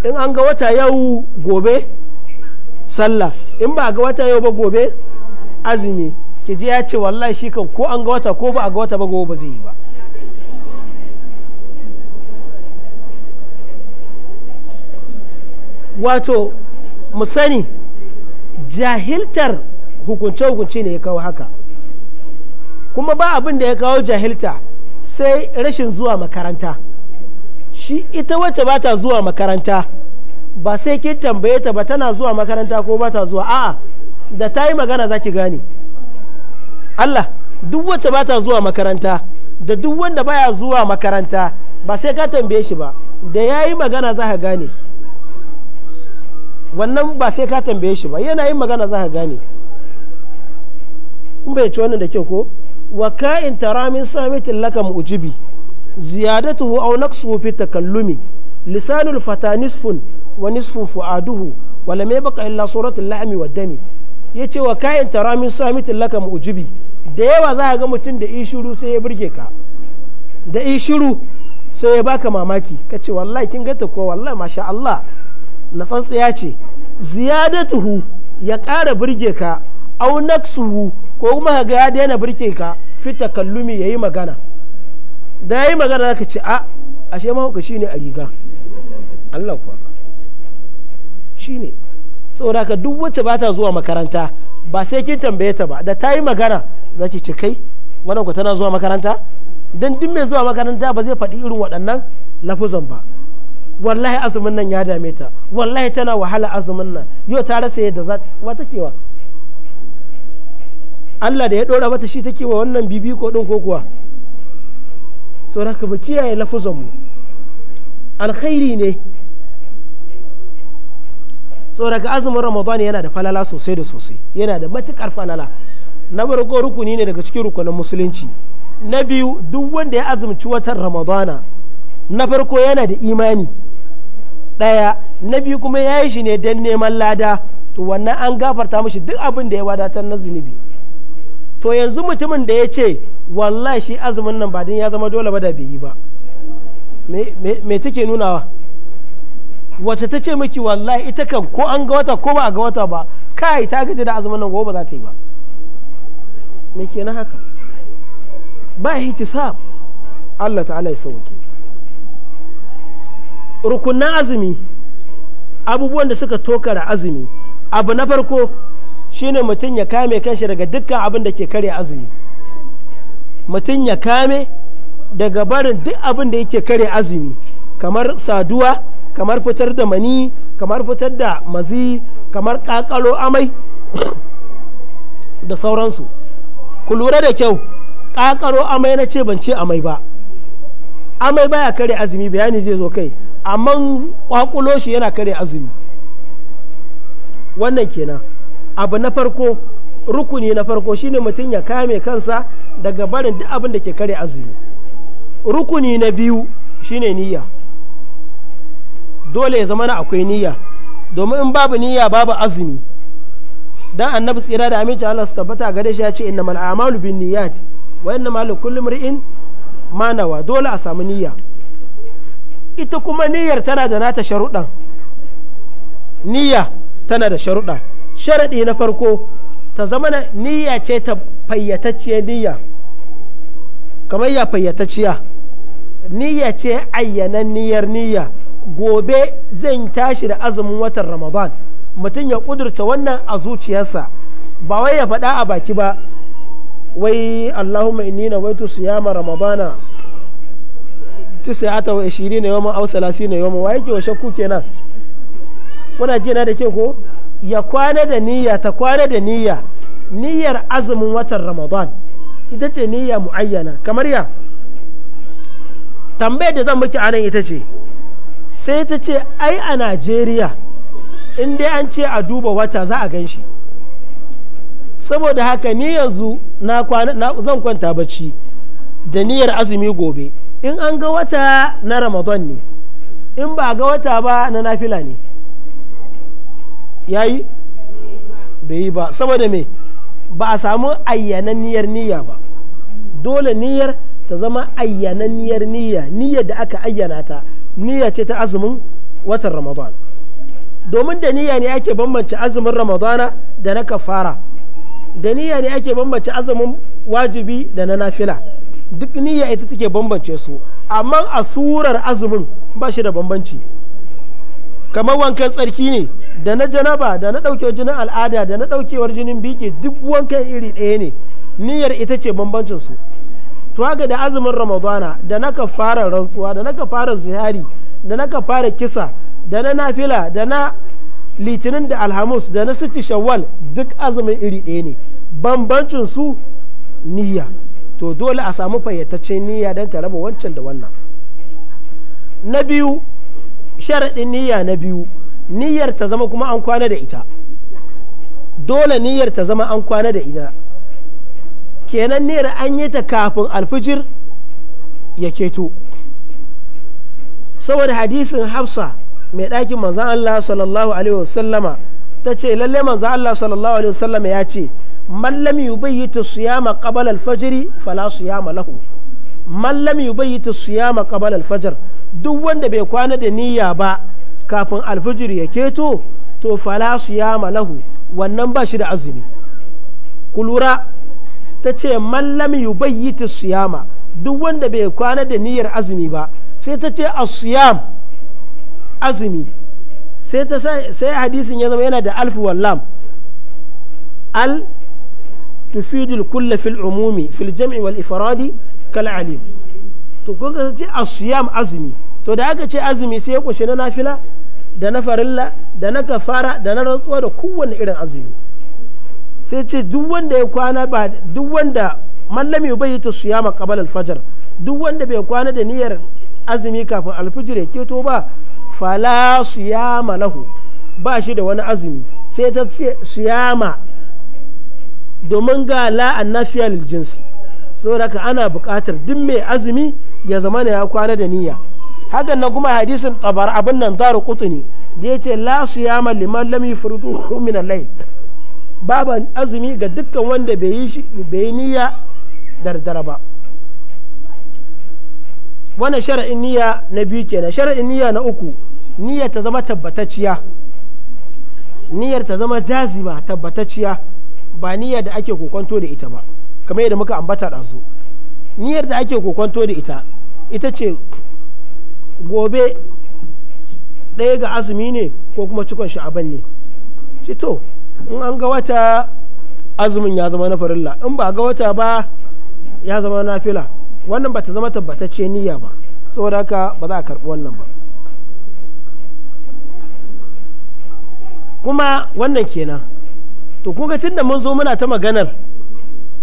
in an ga wata yau gobe sallah in ba ga wata yau ba gobe azumi ki ji ya ce wallahi shi kan ko an ga wata ko ba a ga wata ba gobe ba zai yi ba wato mu sani jahiltar hukunce-hukunce ne ya kawo haka kuma ba abin da ya kawo jahilta sai rashin zuwa makaranta shi ita wacce ba ta zuwa makaranta ba sai kin tambaye ta ba tana zuwa makaranta ko ba ta zuwa a'a da ta yi magana za ki gane Allah duk wacce ba ta zuwa makaranta da duk wanda baya zuwa makaranta ba sai ka tambaye shi ba da ya yi magana za ka gane wannan ba sai ka tambaye shi ba yana yin magana za ka gane kun bai wannan da kyau ko wa ka'in tara min samitin laka mu'jibi ziyadatuhu aw naqsuhu fi takallumi lisanul fata nisfun wa nisfun fu'aduhu wa lam yabqa illa suratul lahmi wa dami yace wa ka'in tara min samitin laka mu'jibi da yawa za ga mutum da ishuru sai ya burge ka da ishuru sai ya baka mamaki ka ce wallahi kin gata ko wallahi masha Allah na tsantsiya ce ziyadatuhu ya ƙara burge ka au naqsuhu ko kuma ga ya daina birke ka fi takallumi yi magana da ya yi magana ka ce a ashe mahaukaci ne a riga Allah kuwa ne saboda ka duk wacce ba ta zuwa makaranta ba sai kin tambaye ta ba da ta yi magana za ki ci kai wannan ku tana zuwa makaranta don duk mai zuwa makaranta ba zai faɗi irin waɗannan lafuzan ba wallahi azumin nan ya dame ta wallahi tana wahala azumin nan yau ta rasa yadda za ta kewa Allah da ya ɗora mata shi take wa wannan bibi ko ɗin ko kuwa sauraka ba kiyaye lafuzanmu alkhairi ne sauraka azumin ramadan yana da falala sosai da sosai yana da matukar falala na farko rukuni ne daga cikin rukunin musulunci na biyu duk wanda ya azumci watan ramadana na farko yana da imani ɗaya na biyu kuma ya yi shi ne don neman lada to wannan an gafarta mashi duk abin da ya wadatar na zunubi to yanzu mutumin da ya ce wallahi shi azumin nan ba din ya zama dole ba da bai yi ba me take nunawa wace ta ce miki wallahi ita kan ko an ga wata ko ba a ga wata ba kai ta gaji da azumin nan gobe ba za ta yi ba me ke na haka ba sa Allah ta'ala ya sauke rukunan azumi abubuwan da suka toka da azumi abu na farko shine mutum ya kame kanshi daga dukkan abin da ke kare azumi mutum ya kame daga barin duk abin da yake kare azumi kamar saduwa kamar fitar da mani kamar fitar da mazi kamar kakalo amai da sauransu ku lura da kyau kakalo amai na ce ban ce amai ba amai baya kare azumi bayani zai zo kai amma kwakulo shi yana kare azumi wannan kenan abu na farko rukuni na farko shine mutum ya kame kansa daga barin duk abin da ke kare azumi rukuni na biyu shine niyya dole ya zama na akwai niyya domin in babu niyya babu azumi dan annabi tsira da aminci Allah su tabbata gare shi ya ce mal a'malu bin niyyat wa mal likulli imrin ma nawa dole a samu niyya ita kuma niyyar tana da nata sharuɗa niyya tana da sharuɗa sharaɗi na farko ta zama niyya ce ta fayyatacciyar niyya kamar ya fayyatacciya niyya ce ayyanan niyyar niyya gobe zan tashi da azumin watan ramadan mutum ya kudurta wannan a zuciyarsa ba wai ya faɗa a baki ba wai allahumma inni na waitu yama ramadana ata wa 20 na yawon au 30 na yawon wa yake wa shakku kenan kuna jina da ke ko ya kwana da niyya ta kwana da niyya niyyar azumin watan ramadan ita ce niyya mu'ayyana kamar ya tambayar da zan miki anan ita ce sai ta ce ai a najeriya in dai an ce a duba wata za a gan shi saboda haka ni yanzu na zan kwanta bacci da niyyar azumi gobe in an ga wata na ramadan ne in ba ga wata ba na nafila ne ya yi yi ba saboda me ba a samu ayyananniyar niyya ba dole niyyar ta zama ayyananniyar niyya niyyar da aka ayyana ta niyya ce ta azumin watan ramadan domin da niyya ne ake bambance azumin ramadana da na kafara da niyya ne ake bambance azumin wajibi da na nafila duk niyya ita take bambance su amma a surar azumin ba shi da bambanci kamar wankan tsarki ne da na janaba da na ɗaukewar jinin al'ada da na ɗaukewar jinin biki duk wankan iri ɗaya ne niyyar ita ce bambancin su to haka da azumin ramadana da na fara rantsuwa da na fara zihari da na fara kisa da na nafila da na litinin da alhamis da na siti shawwal duk azumin iri ɗaya ne bambancin su niyya to dole a samu fayyataccen niyya don ka raba wancan da wannan na biyu sharaɗin niyya na biyu niyyar ta zama kuma an kwana da ita dole niyyar ta zama an kwana da ita kenan niyyar an yi ta kafin alfijir ya keto saboda hadisin hafsa mai ɗakin manzan Allah sallallahu alaihi wasallama ta ce lalle manzan Allah sallallahu alaihi wasallama ya ce mallam yubayyitu siyama qabala alfajiri fala siyama lahu mallam yubayyitu siyama alfajar duk wanda bai kwana da niyya ba kafin alfijir ya keto to fala ya malahu wannan ba shi da azumi kulura ta ce mallam yubayyiti siyama duk wanda bai kwana da niyyar azumi ba sai ta ce asiyam azumi sai ta sai hadisin ya zama yana da alfu wallam al tufidul kulla fil umumi fil jam'i wal ifradi kal alim to ce asiyam azumi to da aka ce azumi sai ya kunshi na nafila da na farilla da na kafara da na rantsuwa da kowane irin azumi sai ce duk wanda ya kwana ba duk wanda mallami bai yi ta suyama kabalar alfajar duk wanda bai kwana da niyyar azumi kafin alfijir ya keto ba fala suya malahu ba shi da wani azumi sai ta ce ma domin ga la na lil jinsi saboda ana bukatar duk mai azumi ya zama ya kwana da niyya hakan nan kuma hadisin tabar abin nan daru kutuni da ya ce la siyama liman lam yufridu min al-layl babu azumi ga dukkan wanda bai yi bai niyya dardara ba wannan shara'in niyya na biyu kenan shara'in niyya na uku niyyar ta zama tabbatacciya niyyar ta zama jazima tabbatacciya ba niyyar da ake kokonto da ita ba kamar yadda muka ambata ɗazu niyyar da ake kokonto da ita ita ce gobe ɗaya ga azumi ne ko kuma cikon sha'aban ne shi to in an ga wata azumin ya zama na farilla in ba ga wata ba ya zama na fila wannan ba ta zama tabbatacce niyya ba saboda haka ba za a karɓi wannan ba kuma wannan kenan to kun ga tunda mun zo muna ta maganar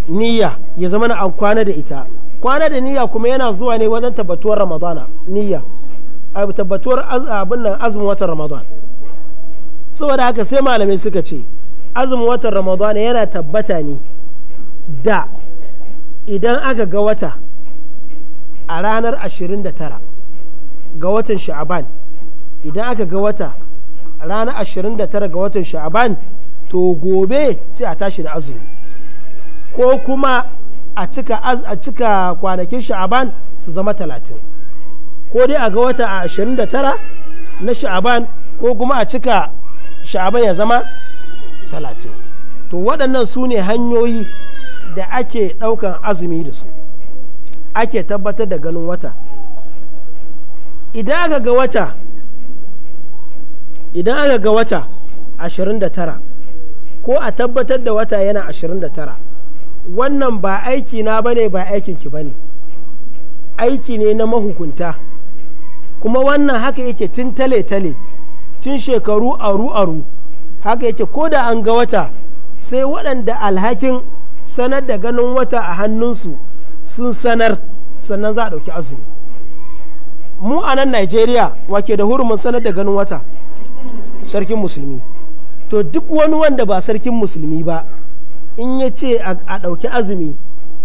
niyya ya zama na an kwana da ita kwana da niyya kuma yana zuwa ne wajen tabbatuwar ramadana niyya a tabbatuwar abin nan azumin watan ramadan saboda haka sai malamai suka ce azumin watan ramadan yana tabbata ne da idan aka ga wata a ranar 29 ga watan sha'aban idan aka ga wata ranar 29 ga watan sha'aban to gobe sai a tashi da azumi ko kuma a cika kwanakin sha'aban su zama talatin ko dai a ga wata a 29 na sha'aban ko kuma a cika sha'aban ya zama 30 to waɗannan su ne hanyoyi da ake ɗaukan azumi da su ake tabbatar da ganin wata idan aka ga wata idan aka ga wata 29 ko a tabbatar da wata yana 29 wannan ba aiki na bane ba aikin ki bane aiki ne na mahukunta kuma wannan haka yake tun tale-tale tun shekaru aru-aru haka yake ko da an ga wata sai waɗanda alhakin sanar da ganin wata a hannunsu sun sanar sannan za a ɗauki azumi mu a nan najeriya wake da hurumin sanar da ganin wata sarkin musulmi to duk wani wanda ba sarkin musulmi ba in ya ce a ɗauki azumi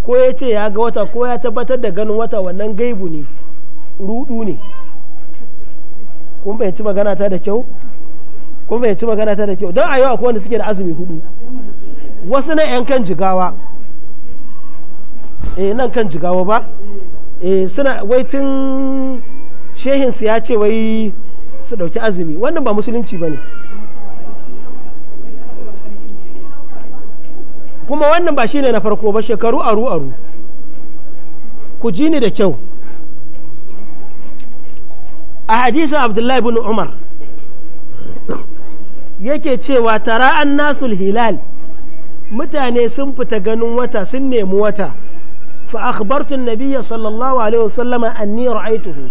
ko ya ce ya ga wata ko ya tabbatar da ganin wata wannan gaibu ne rudu ne kun fahimci magana ta da kyau kun fahimci magana ta da kyau don a yau akwai wanda suke da azumi hudu wasu na yan kan jigawa eh nan kan jigawa ba eh suna wai tun shehin su ya ce wai su dauki azumi wannan ba musulunci ba ne kuma wannan ba shine na farko ba shekaru aru aru ku ji ni da kyau a hadisin abdullahi bin umar yake cewa tara an nasul hilal mutane sun fita ganin wata sun nemi wata fa akhbartu sallallahu alaihi wasallama anni ra'aituhu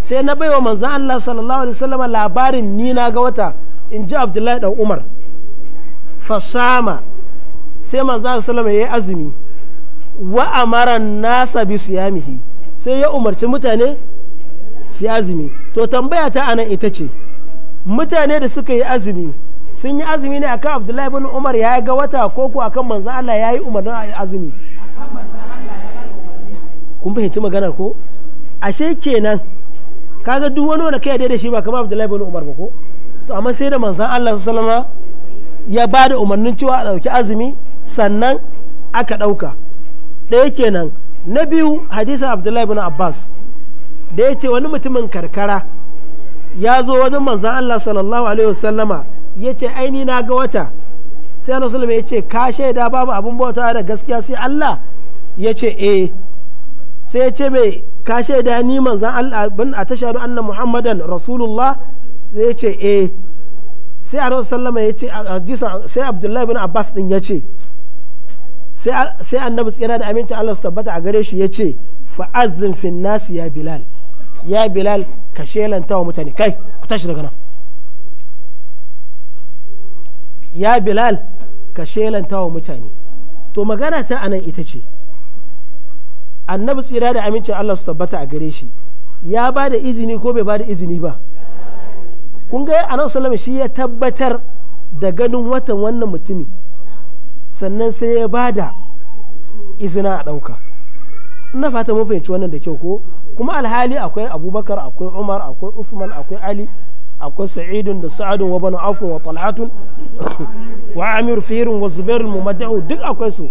sai na baiwa manzon Allah sallallahu alaihi labarin ni na ga wata in ji abdullahi dan umar fasama sai manzon sallama yayi azumi wa amara nasa bi siyamihi sai ya umarci mutane su yi azumi to tambaya ta anan ita ce mutane da suka yi azumi sun yi azumi ne akan abdullahi bin umar ya ga wata ko ko akan manzan allah ya yi umarnin a yi azumi kun fahimci maganar ko ashe kenan kaga duk wani wanda kai da shi ba kamar abdullahi bin umar ba ko to amma sai da manzan allah sallama ya ba da umarnin cewa a ɗauki azumi sannan aka ɗauka ɗaya kenan na biyu hadisin abdullahi bin abbas da ya ce wani mutumin karkara ya zo wajen manzan Allah sallallahu alaihi wasallama ya ce aini na ga wata sai annabi sallallahu ya ce ka shaida babu abin bauta da gaskiya sai Allah ya ce e sai ya ce mai ka shaida ni manzan Allah bin a tasharu annan Muhammadan Rasulullah sai ya ce e sai annabi sallama ya ce sai Abdullahi bin Abbas din ya ce sai annabi tsira da aminci Allah su tabbata a gare shi ya ce fa'azzin fin nasi ya Bilal ya bilal ka shelanta wa mutane kai ku tashi daga nan ya bilal ka shelanta wa mutane to magana ta anan ita ce annabi tsira da amincin allah su tabbata a gare shi ya ba da izini ko bai ba da izini ba kun ga annabi sallama shi ya tabbatar da ganin watan wannan mutumi sannan sai ya ba da izina a ɗauka ina fata mun fahimci wannan da kyau ko kuma alhali akwai abubakar akwai umar akwai usman akwai ali akwai sa'idun da sa'adun wa banu afun wa talhatun [coughs] wa amir firin wa mu mumadahu duk akwai su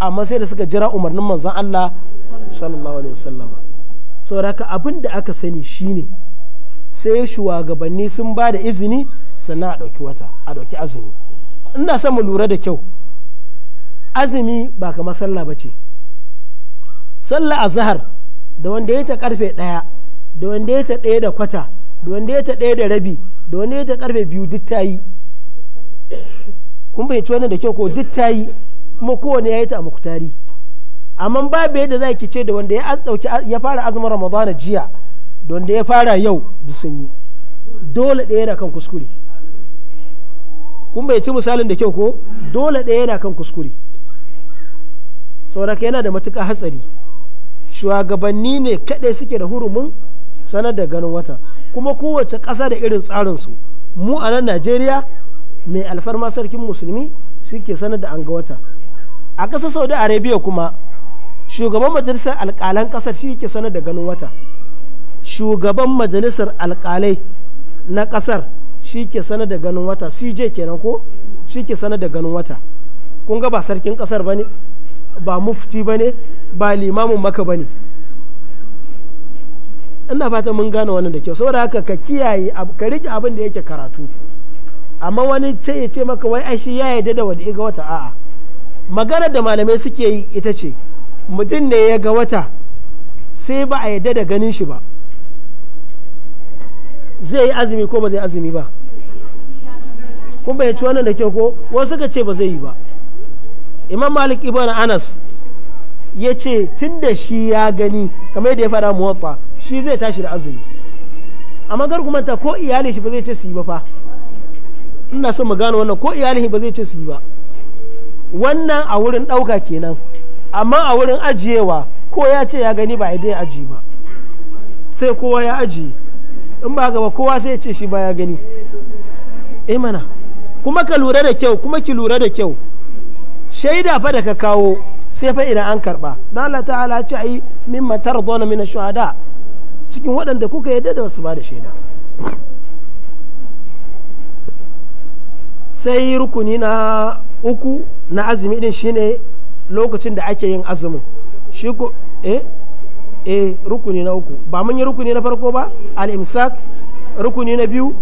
amma sai da suka jira umarnin manzon Allah sallallahu alaihi wasallama saboda abin da aka sani shine sai shugabanni sun ba da izini sannan a ɗauki wata a ɗauki azumi ina son mu lura da kyau azumi ba kamar sallah ba ce sallah a zahar da wanda ya ta karfe ɗaya da wanda ya ta ɗaya da kwata da wanda ya ta ɗaya da rabi da wanda ya ta karfe biyu duk ta yi kun fahimci wannan da kyau ko duk ta yi kuma kowane ya yi ta a muktari amma babu yadda za ki ce da wanda ya ɗauki ya fara azumin ramadana jiya da wanda ya fara yau da sun yi dole ɗaya yana kan kuskure kun bai ci misalin da kyau ko dole ɗaya yana kan kuskure saboda yana da matuƙa hatsari shugabanni ne kaɗai suke da hurumin sanar da ganin wata kuma kowace ƙasa da irin su mu a nan najeriya mai alfarma sarkin musulmi suke sanar da an ga wata a ƙasar saudi arabia kuma shugaban majalisar alƙalan ƙasar shi ke sanar da ganin wata shugaban majalisar alƙalai na ƙasar shi ke sanar da ganin wata cj kenan ko shi ke sanar da ganin wata kun ga ba sarkin ƙasar ba ne ba mufti ba ne ba limamin maka ba ne ina fata mun gane wannan da kyau saboda haka ka kiyaye ka rike abin da yake karatu amma wani ce ya ce maka wai aishi ya yarda da wani ga wata a'a magana da malamai suke yi ita ce mutum ne ya ga wata sai ba a yarda da ganin shi ba zai yi azumi ko ba zai azumi ba kun bayyanci wannan da kyau ko wasu ka ce ba zai yi ba imam malik ibn anas ya ce tun da shi ya gani kamar yadda ya fara muwatta shi zai tashi da azumi amma gar kuma ta ko iyali shi ba zai ce su yi ba fa ina son mu gano wannan ko iyali shi ba zai ce su yi ba wannan a wurin ɗauka kenan amma a wurin ajiyewa ko ya ce ya gani ba a ya aji ba sai kowa ya aji in ba gaba kowa sai ya ce shi ba ya gani eh mana kuma ka lura da kyau kuma ki lura da kyau shaida fa da ka kawo sai fa idan an karba dan Allah ta'ala ce ai mimma tardona min shuhada cikin waɗanda kuka yadda da wasu ba da shaida sai rukuni na uku na azumi din shine lokacin da ake yin azumin shi ko eh eh rukuni na uku ba mun yi rukuni na farko ba al-imsak rukuni na biyu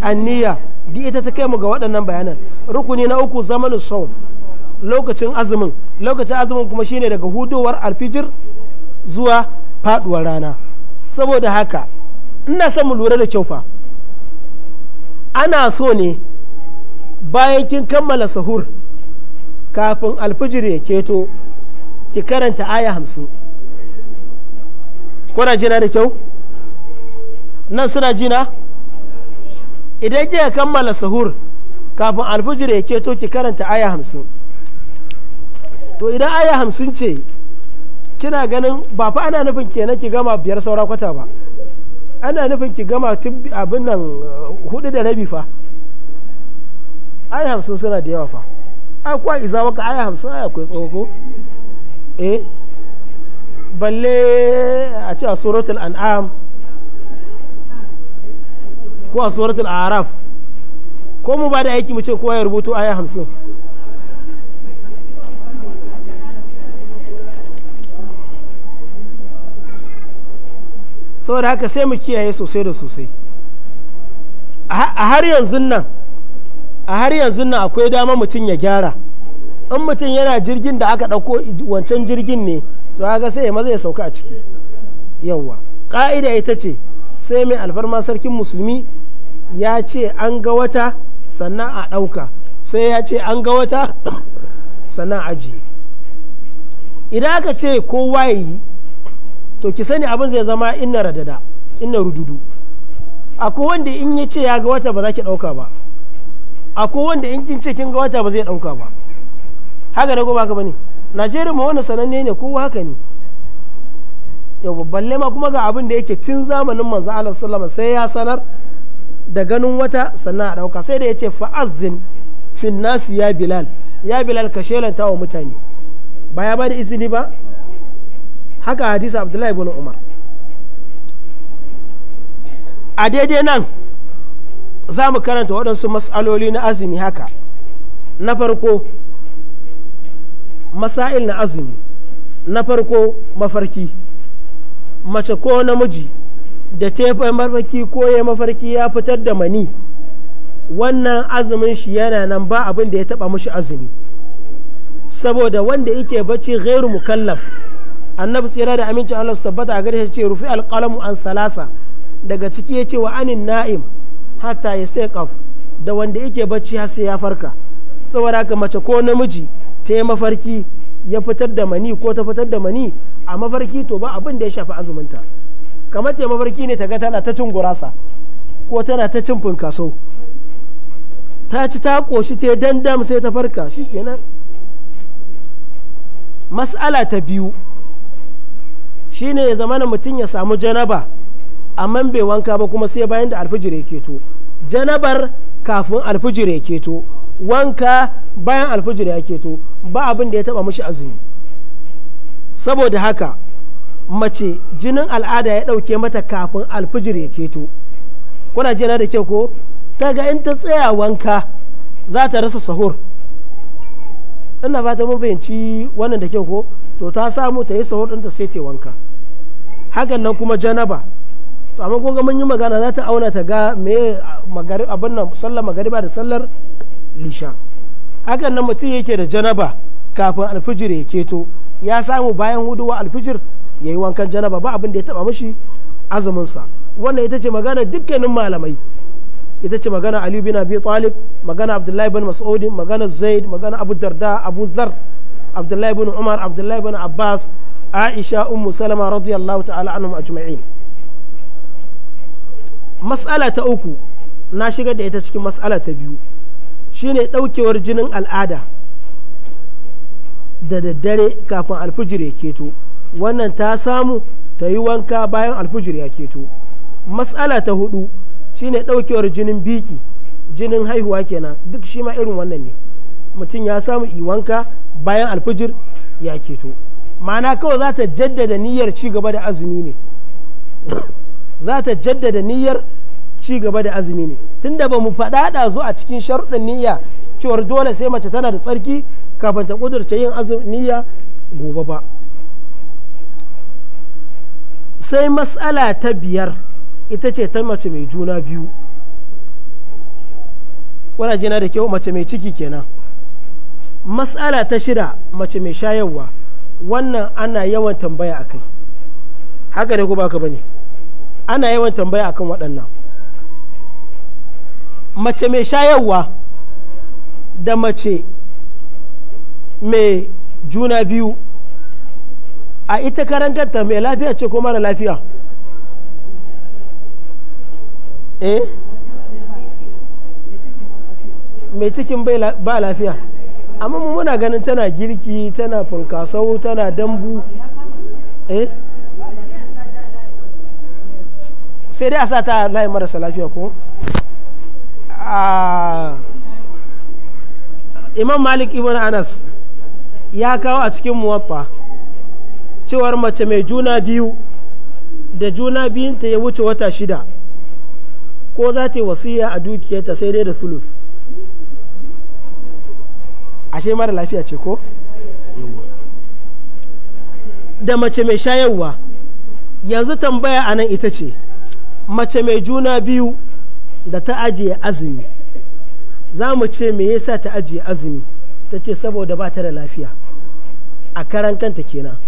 anniya di ita ta kai mu ga waɗannan bayanan rukuni na uku zamanin saum lokacin azumin lokacin azumin kuma shine daga hudowar alfijir zuwa faduwar rana saboda haka ina son mu lura da kyau fa ana so ne bayan kin kammala sahur kafin alfijir ya keto ki karanta aya hamsin kuna jina da kyau nan suna jina idan kika kammala sahur kafin alfijir ya keto ki karanta aya hamsin to idan aya hamsin ce kina ganin ba fa ana nufin ke na ki gama biyar saura kwata ba ana nufin ki gama abin nan uh, hudu da rabi fa aya hamsin suna da yawa fa akwai iza waka aya hamsin aya akwai tsoko eh balle a ce a suratul an'am ko a suratul araf ko mu ba da aiki mu ce kowa ya rubuto aya hamsin saboda haka sai mu kiyaye sosai da sosai a har yanzu nan a har yanzu nan akwai dama mutum ya gyara in mutum yana jirgin da aka ɗauko wancan jirgin ne to haka sai ya maza ya sauka a ciki yawwa ƙa'ida ita ce sai mai alfarma sarkin musulmi ya ce an ga wata sannan a ɗauka sai ya ce an ga wata [coughs] sannan ajiye idan aka ce kowa ya to ki sani abin zai zama inna radada inna rududu akwai wanda in ya ce ya ga wata ba za ki ɗauka ba akwai wanda in kin ce kin ga wata ba zai ɗauka ba haka na ko ba ka bane najeriya ma wani sananne ne kowa haka ne yau balle ma kuma ga abin da yake tun zamanin manzo Allah sallama sai ya sanar da ganin wata sannan a ɗauka sai da ya ce fa'azzin fin ya bilal ya bilal ka shelanta wa mutane ba ya ba da izini ba haka hadisa abdullahi ibn umar a daidai nan za mu karanta waɗansu matsaloli na azumi haka na farko masail na azumi na farko mafarki mace ko namiji da tefa mafarki ko ya mafarki ya fitar da mani wannan azumin shi yana nan ba abin da ya taba mashi azumi saboda wanda yake bacci gairu mukallaf annabi tsira da amincin Allah su tabbata a gare ce rufi alƙalamu an salasa daga ciki ya ce wa anin na'im hatta ya kaf da wanda yake bacci har sai ya farka saboda haka mace ko namiji ta yi mafarki ya fitar da mani ko ta fitar da mani a mafarki to ba abin da ya shafi azuminta kamar ta mafarki ne ta ga tana ta cin gurasa ko tana ta cin funkaso ta ci ta koshi ta dandam sai ta farka shikenan mas'ala ta biyu shine ya zama mutum ya samu janaba amma bai wanka ba kuma sai bayan da alfijir ya keto janabar kafin alfijir ya keto wanka bayan alfijir ya keto ba abin da ya taba mashi azumi saboda haka mace jinin al'ada ya ɗauke mata kafin alfijir ya keto kuna jina da kyau ko ta ga in ta tsaya wanka za ta rasa sahur ina fata mun fahimci wannan da kyau ko to ta samu ta yi sahur ɗinta sai ta wanka hakan nan kuma janaba to amma kun ga mun yi magana za ta auna ta ga me magarib abin nan sallar magariba da sallar lisha hakan nan mutum yake da janaba kafin alfijir ya keto ya samu bayan huduwa alfijir ya yi wankan janaba ba abin da ya taba mishi azumin sa wannan ita ce magana dukkanin malamai ita ce magana Ali bin Abi Talib magana Abdullahi bin mas'udi magana Zaid magana Abu Darda Abu Zar Abdullahi bin Umar Abdullahi bin Abbas Aisha Ummu Salama radiyallahu ta'ala anhum ajma'in mas'ala ta uku na shiga da ita cikin mas'ala ta biyu shine daukewar jinin al'ada da daddare kafin alfijir ya keto wannan ta samu ta yi wanka bayan alfijir ya keto mas'ala ta hudu shine ɗaukewar jinin biki jinin haihuwa kenan duk shi ma irin wannan ne mutum ya samu iwanka bayan alfijir ya keto ma'ana kawai za ta jaddada niyyar ci gaba da azumi ne [coughs] za ta jaddada niyyar ci gaba da azumi ne tunda ba mu faɗaɗa zuwa cikin sharuɗin niyya cewar dole sai mace tana da tsarki kafin ta ƙudurce yin niyya gobe ba sai matsala ta biyar ita ce ta mace mai juna biyu wana jina da kyau mace mai ciki kenan matsala ta shida mace mai shayarwa wannan ana yawan tambaya a kai haka ne ko baka bane ana yawan tambaya akan waɗannan mace mai shayarwa da mace mai juna biyu a ita karanganta mai lafiya ce ko mara lafiya eh mai cikin ba lafiya amma muna ganin tana girki tana funkasau tana dambu eh sai dai a sa ta layi marasa lafiya ko ah. imam malik ibn anas ya kawo a cikin muwatta cewar mace mai juna biyu da juna biyunta ya wuce wata shida ko za ta yi wasiya a dukiyarta sai dai da sulus ashe mara lafiya ce ko da mace mai shayarwa yanzu tambaya a nan ita ce mace mai juna biyu da ta ajiye azumi za mu ce me yasa ta ajiye azumi ta ce saboda ba ta da lafiya a karan kanta kenan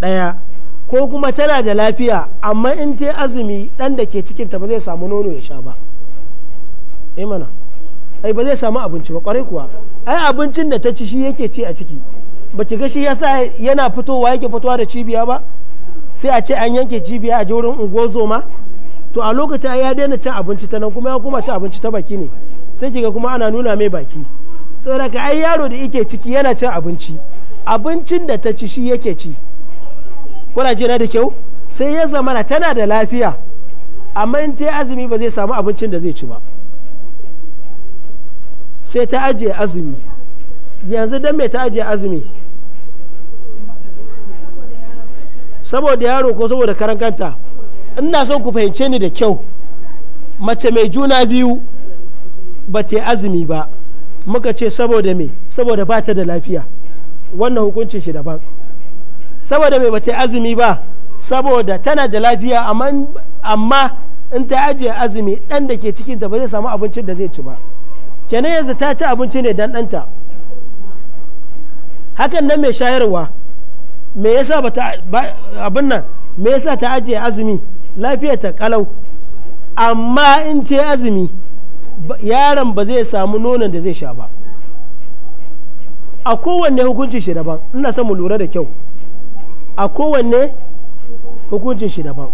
ɗaya ko kuma tana da lafiya amma in ta azumi dan da ke ta ba zai samu nono ya sha ba ai eh mana ai ba zai samu abinci ba kwarai kuwa ai abincin da ta ci shi yake ci a ciki ba ki ga shi yasa yana fitowa yake fitowa da cibiya ba sai a ce an yanke cibiya a wurin ungozoma to a lokacin ya daina cin abinci ta nan kuma ya kuma ci abinci ta baki ne sai ga kuma ana nuna mai baki saboda ka ai yaro da yake ciki yana cin abinci abincin da ta ci shi yake ci kuna na da kyau sai ya zamana tana da lafiya amma in ta azumi ba zai samu abincin da zai ci ba sai ta ajiye azumi yanzu don mai ta ajiye azumi saboda yaro ko saboda karan kanta ina son ku fahimce ni da kyau mace mai juna biyu ba ta azumi ba muka ce saboda me saboda ba ta da lafiya wannan hukuncin shi daban saboda mai bata azumi ba saboda tana da lafiya amma in ta ajiye azumi dan da ke cikinta ba zai samu abincin da zai ci ba kenan yanzu ta ci abinci ne dan danta hakan nan mai shayarwa me yasa bata abin nan me yasa ta ajiye azumi lafiya ta kalau amma in ta azumi yaron ba zai samu nonon da zai sha ba a kowanne hukuncin shi daban ina son mu lura da kyau a kowanne hukuncin shi daban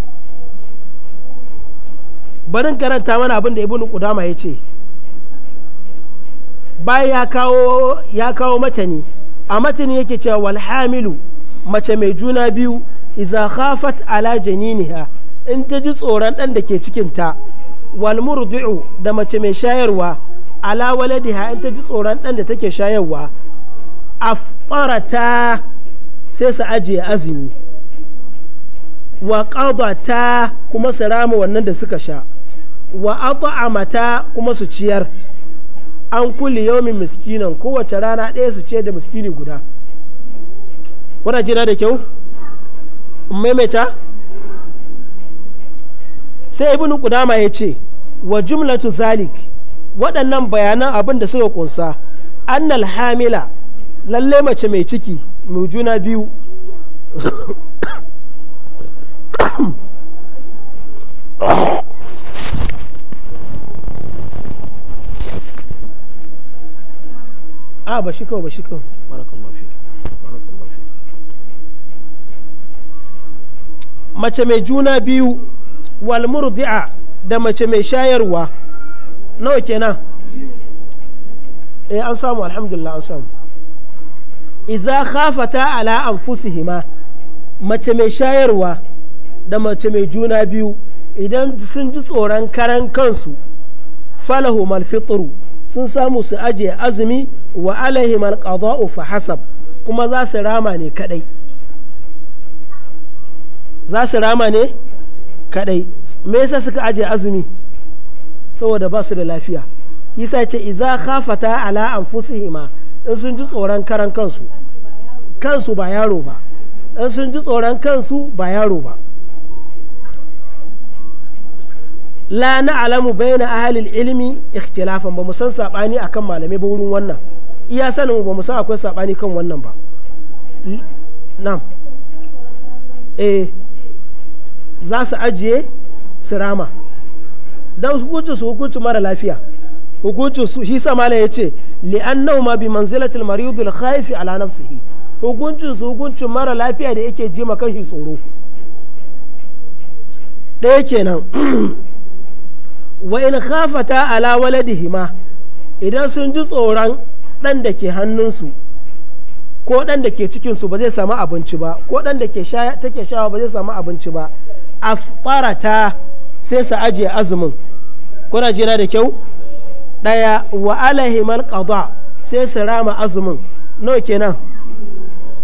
barin karanta mana abin da ibn qudama ya ce bayan ya kawo ya kawo matani a matani yake cewa walhamilu mace mai juna biyu idza khafat ala janiniha in ta ji tsoron dan da ke cikin ta wal da mace mai shayarwa ala waladiha in ta ji tsoron dan da take shayarwa afqarata sai su ajiye azumi wa ta kuma su rama wannan da suka sha wa mata kuma su ciyar an kulle yawmin miskinan kowace rana ɗaya su ciyar da miskini guda kuna jina da kyau maimaita sai ibn kudama ya ce wa jumlatu zalik waɗannan bayanan abin da suka kunsa annal hamila lalle mace mai ciki mai juna biyu [coughs] a ah, ba shi kawai ba shi kawai mace mai juna biyu walmurdi'a da mace mai shayarwa nawa kenan eh an samu alhamdulillah an samu iza khafata ala anfusihima mace mai shayarwa da mace mai juna biyu idan sun ji tsoron karan kansu falahu malfitru sun samu su aje azumi wa alaihim qada'u fa hasab kuma za su rama ne kadai za su rama ne kadai me yasa suka aje azumi saboda ba su da lafiya yasa ce iza khafata ala anfusihima in sun ji tsoron karan kansu kansu ba yaro ba in sun ji tsoron kansu ba yaro ba la na alamu bai na ahalil ilimi ikhtilafan ba san saɓani a kan malamai ba wurin wannan iya sanin ba san akwai saɓani kan wannan ba nam eh za su ajiye su rama don hukunci su hukunci mara lafiya hukuncin su shi sa malam yace nau ma bi manzilatil maridul khaifi ala nafsihi hukuncin su hukuncin mara lafiya da yake jima shi tsoro ɗaya kenan [clears throat] wa in khafata ala waladihima idan sun ji tsoron ɗan da ke hannunsu ko ɗan da ke cikinsu ba zai samu abinci ba ko ɗan da ke take shawa ba zai samu abinci ba ta sai su ajiye azumin kuna jira da kyau ɗaya wa alahimal qada sai su rama azumin no kenan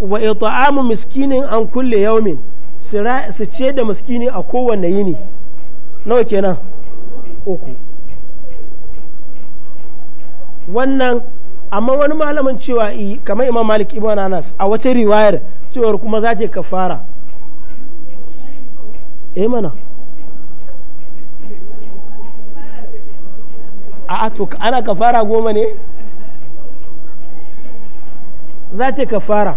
wa ita'amu miskinin an kulle yaumin su ce da miskini a kowanne yini no kenan uku wannan amma wani malamin cewa kamar imam malik ibn anas a wata riwayar cewar kuma za ka fara. Eh mana a to ana kafara goma ne za ta kafara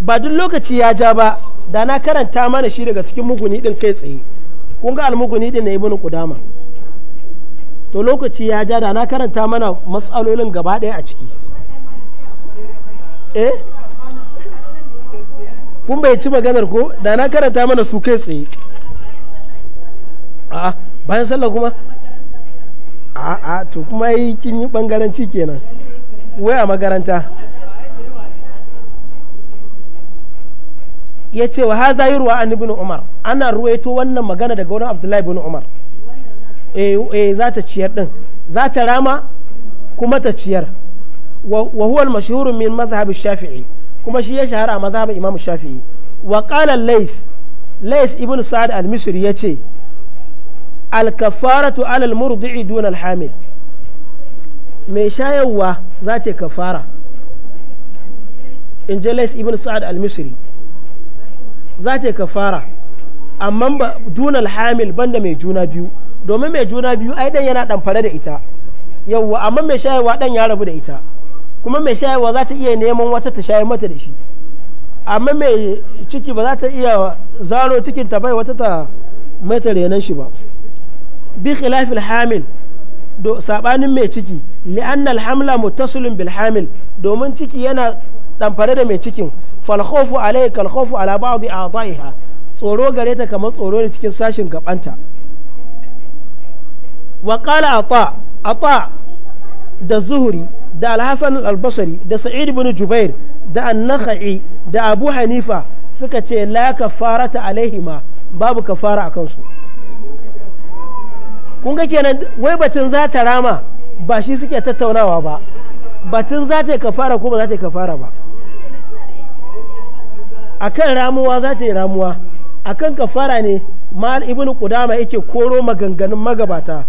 ba duk lokaci ya ja ba da na karanta mana shi daga cikin muguni din kai tsaye kun ga almuguni din na ibnu kudama to lokaci ya ja da na karanta mana matsalolin gaba ɗaya a ciki eh kun bai ci maganar ko da na karanta mana su kai tsaye a'a bayan sallah kuma a'a to kuma yi kin yi bangaranci kenan wai a makaranta ya ce wa haza yi ruwa an umar ana ruwaito wannan magana daga wani abdullahi ibn umar eh, eh za ta ciyar din za ta rama kuma ta ciyar wa huwa al min mazhab shafi'i kuma shi ya shahara a mazhab imam shafi'i wa qala laif laif ibn sa'ad al-misri yace alkafaratu alal murdi'i dun alhamil mai shayarwa za ce kafara in jalais ibn sa'ad al-misri za ce kafara amma ba dun alhamil banda mai juna biyu domin mai juna biyu ai dan yana damfare da ita yawwa amma mai shayarwa dan ya rabu da ita kuma mai shayarwa za ta iya neman wata ta shayar mata da shi amma mai ciki ba za ta iya zaro cikin ta bai wata ta mata renan shi ba bi khilafil hamil do sabanin mai ciki li'annal hamla muttasilun bil hamil domin ciki yana damfare da mai cikin fal alayka alai khawfu ala ba'd a'dayha tsoro gare ta kamar tsoro ne cikin sashin gabanta wa qala ata ata da zuhuri da alhassan albasari da sa'id ibn jubair da an-nakhai da abu hanifa suka ce la kafarata alaihima babu kafara akan su kun ga kenan wai batun za ta rama ba shi suke tattaunawa ba batun za ta yi kafara ko ba za ta yi kafara ba akan ramuwa za ta yi ramuwa akan kafara ne ma ibn kudama yake koro maganganun magabata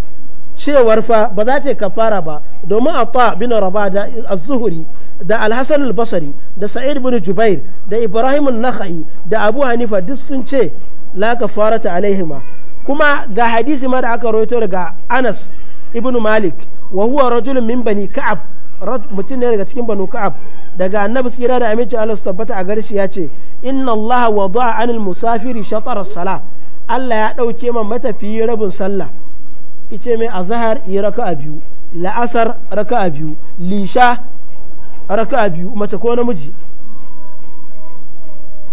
cewar fa ba za ta yi kafara ba domin ata bin raba da azuhuri da alhassan albasari da sa'id bin jubair da ibrahim nakhai da abu hanifa duk sun ce la kafarata alaihima kuma ga hadisi ma da aka rawaito daga anas ibnu malik wa huwa rajulun min bani ka'ab mutum ne daga cikin banu ka'ab daga annabi tsira da aminci Allah su tabbata a garshi ya ce inna Allah wada'a anil musafiri shatar sala Allah ya dauke man matafiyi rabin sallah ice mai azhar yi raka'a biyu la'asar raka'a biyu lisha raka'a biyu mace ko namiji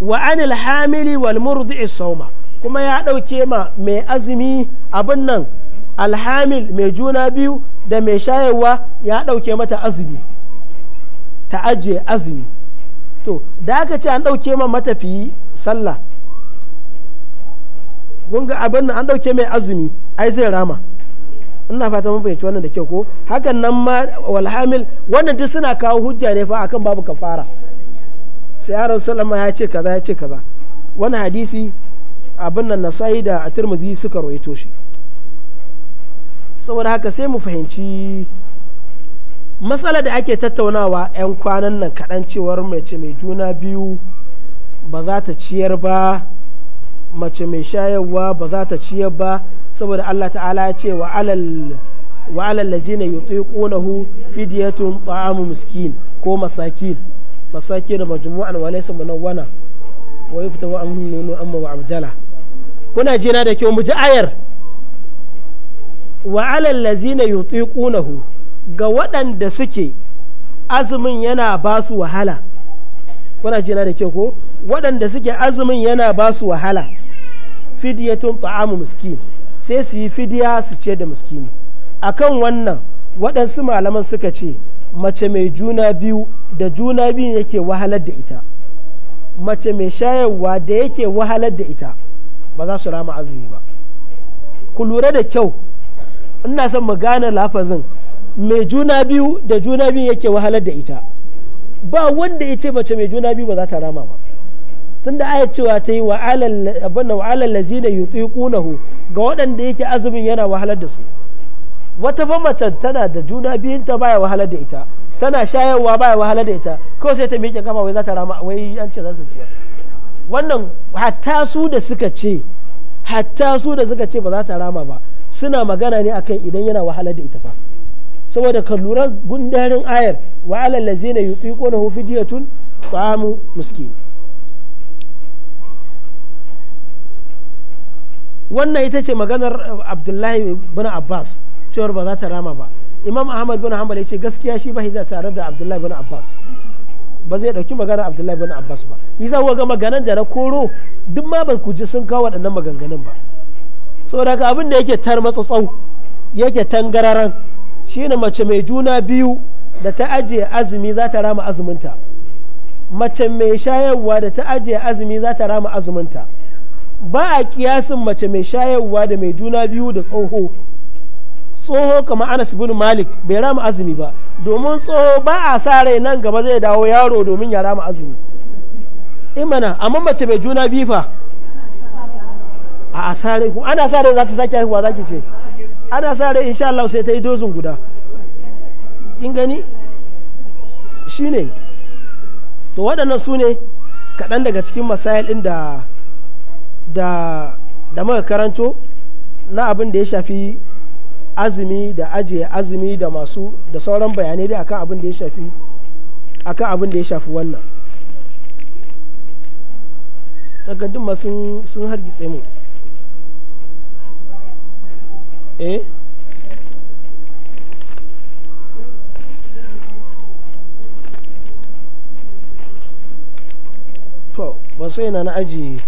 wa anil hamili wal murdi'i sawma kuma ya ɗauke ma mai azumi abin nan alhamil mai juna biyu da mai shayarwa ya ɗauke mata azumi ta ajiye azumi to da aka ce an ɗauke ma matafiyi sallah gunga abin nan an ɗauke mai azumi ai zai rama ina fata mun fahimci wannan da kyau ko hakan nan ma walhamil wannan duk suna kawo hujja ne fa akan babu kafara sai ya sallama ya ce kaza ya ce kaza wani hadisi abin nan nasa'i da a turmuzi suka roito shi saboda haka sai mu fahimci matsala da ake tattaunawa 'yan kwanan nan kaɗan cewar mace mai juna biyu ba za ta ciyar ba mace mai shayarwa ba za ta ciyar ba saboda allah ta'ala ya ce wa alal na alal lazina fidiyatun fidyatun ta'amu miskin ko masakin masakin majmu'an wa laysa munawwana wa yuftahu anhum nunu amma wa abjala kuna jina da kyau mu ji ayar wa alal ladzina yutiqunahu ga waɗanda suke azumin yana ba su wahala kuna jina da kyau ko waɗanda suke azumin yana ba su wahala fidiyatun ta'amu miskin sai su yi fidiya su ce da miskini akan wannan waɗansu malaman suka ce mace mai juna biyu da juna biyu yake wahalar da ita mace mai shayarwa da yake wahalar da ita ba za su rama azumi ba ku lura da kyau ina son mu gane lafazin mai juna biyu da juna biyu yake wahalar da ita ba wanda ya ce mace mai juna biyu ba za ta rama ba tunda aya cewa ta yi wa'alar lazina kunahu ga waɗanda yake azumin yana wahalar da su wata ba mace tana da juna biyun ta baya wahalar da ita tana shayarwa baya wahalar da ita kawai sai ta miƙe kafa wai za ta rama wai an ce za ta ciyar wannan hatta su da suka ce hatta su da suka ce ba za ta rama ba suna magana ne akan idan yana wahalar da ita ba saboda ka lura gundarin ayar wa alal ladzina yutiquna hu fidyatun ta'amu miskin wannan ita ce maganar abdullahi bin abbas cewar ba za ta rama ba imam ahmad bin hanbal ya ce gaskiya shi ba tare da abdullahi bin abbas ba zai ɗauki magana abdullahi bin abbas ba yi za ga maganan da na koro duk ma ba ku ji sun kawo waɗannan maganganun ba saboda daga abin da yake tar matsatsau yake tangararan shine mace mai juna biyu da ta ajiye azumi za ta rama azuminta mace mai shayarwa da ta ajiye azumi za ta rama azuminta ba a kiyasin mace mai shayarwa da mai juna biyu da tsoho tsoho kamar anas bin malik bai rama azumi ba domin tsoho ba a sa rai nan gaba zai dawo yaro domin ya rama azumi imana eh amma mace bai juna biyu fa a asare ku ana sa rai za ta sake haihuwa zaki ce ana sa rai insha Allah sai ta yi dozin guda kin gani shine to waɗannan su ne kaɗan daga cikin masayil ɗin da da da muka karanto na abin da ya shafi azumi da ajiye azumi da masu da sauran bayanai dai akan abin da ya shafi akan abin da ya shafi wannan takardun ma sun sun hargitse mu eh to ba sai na na ajiye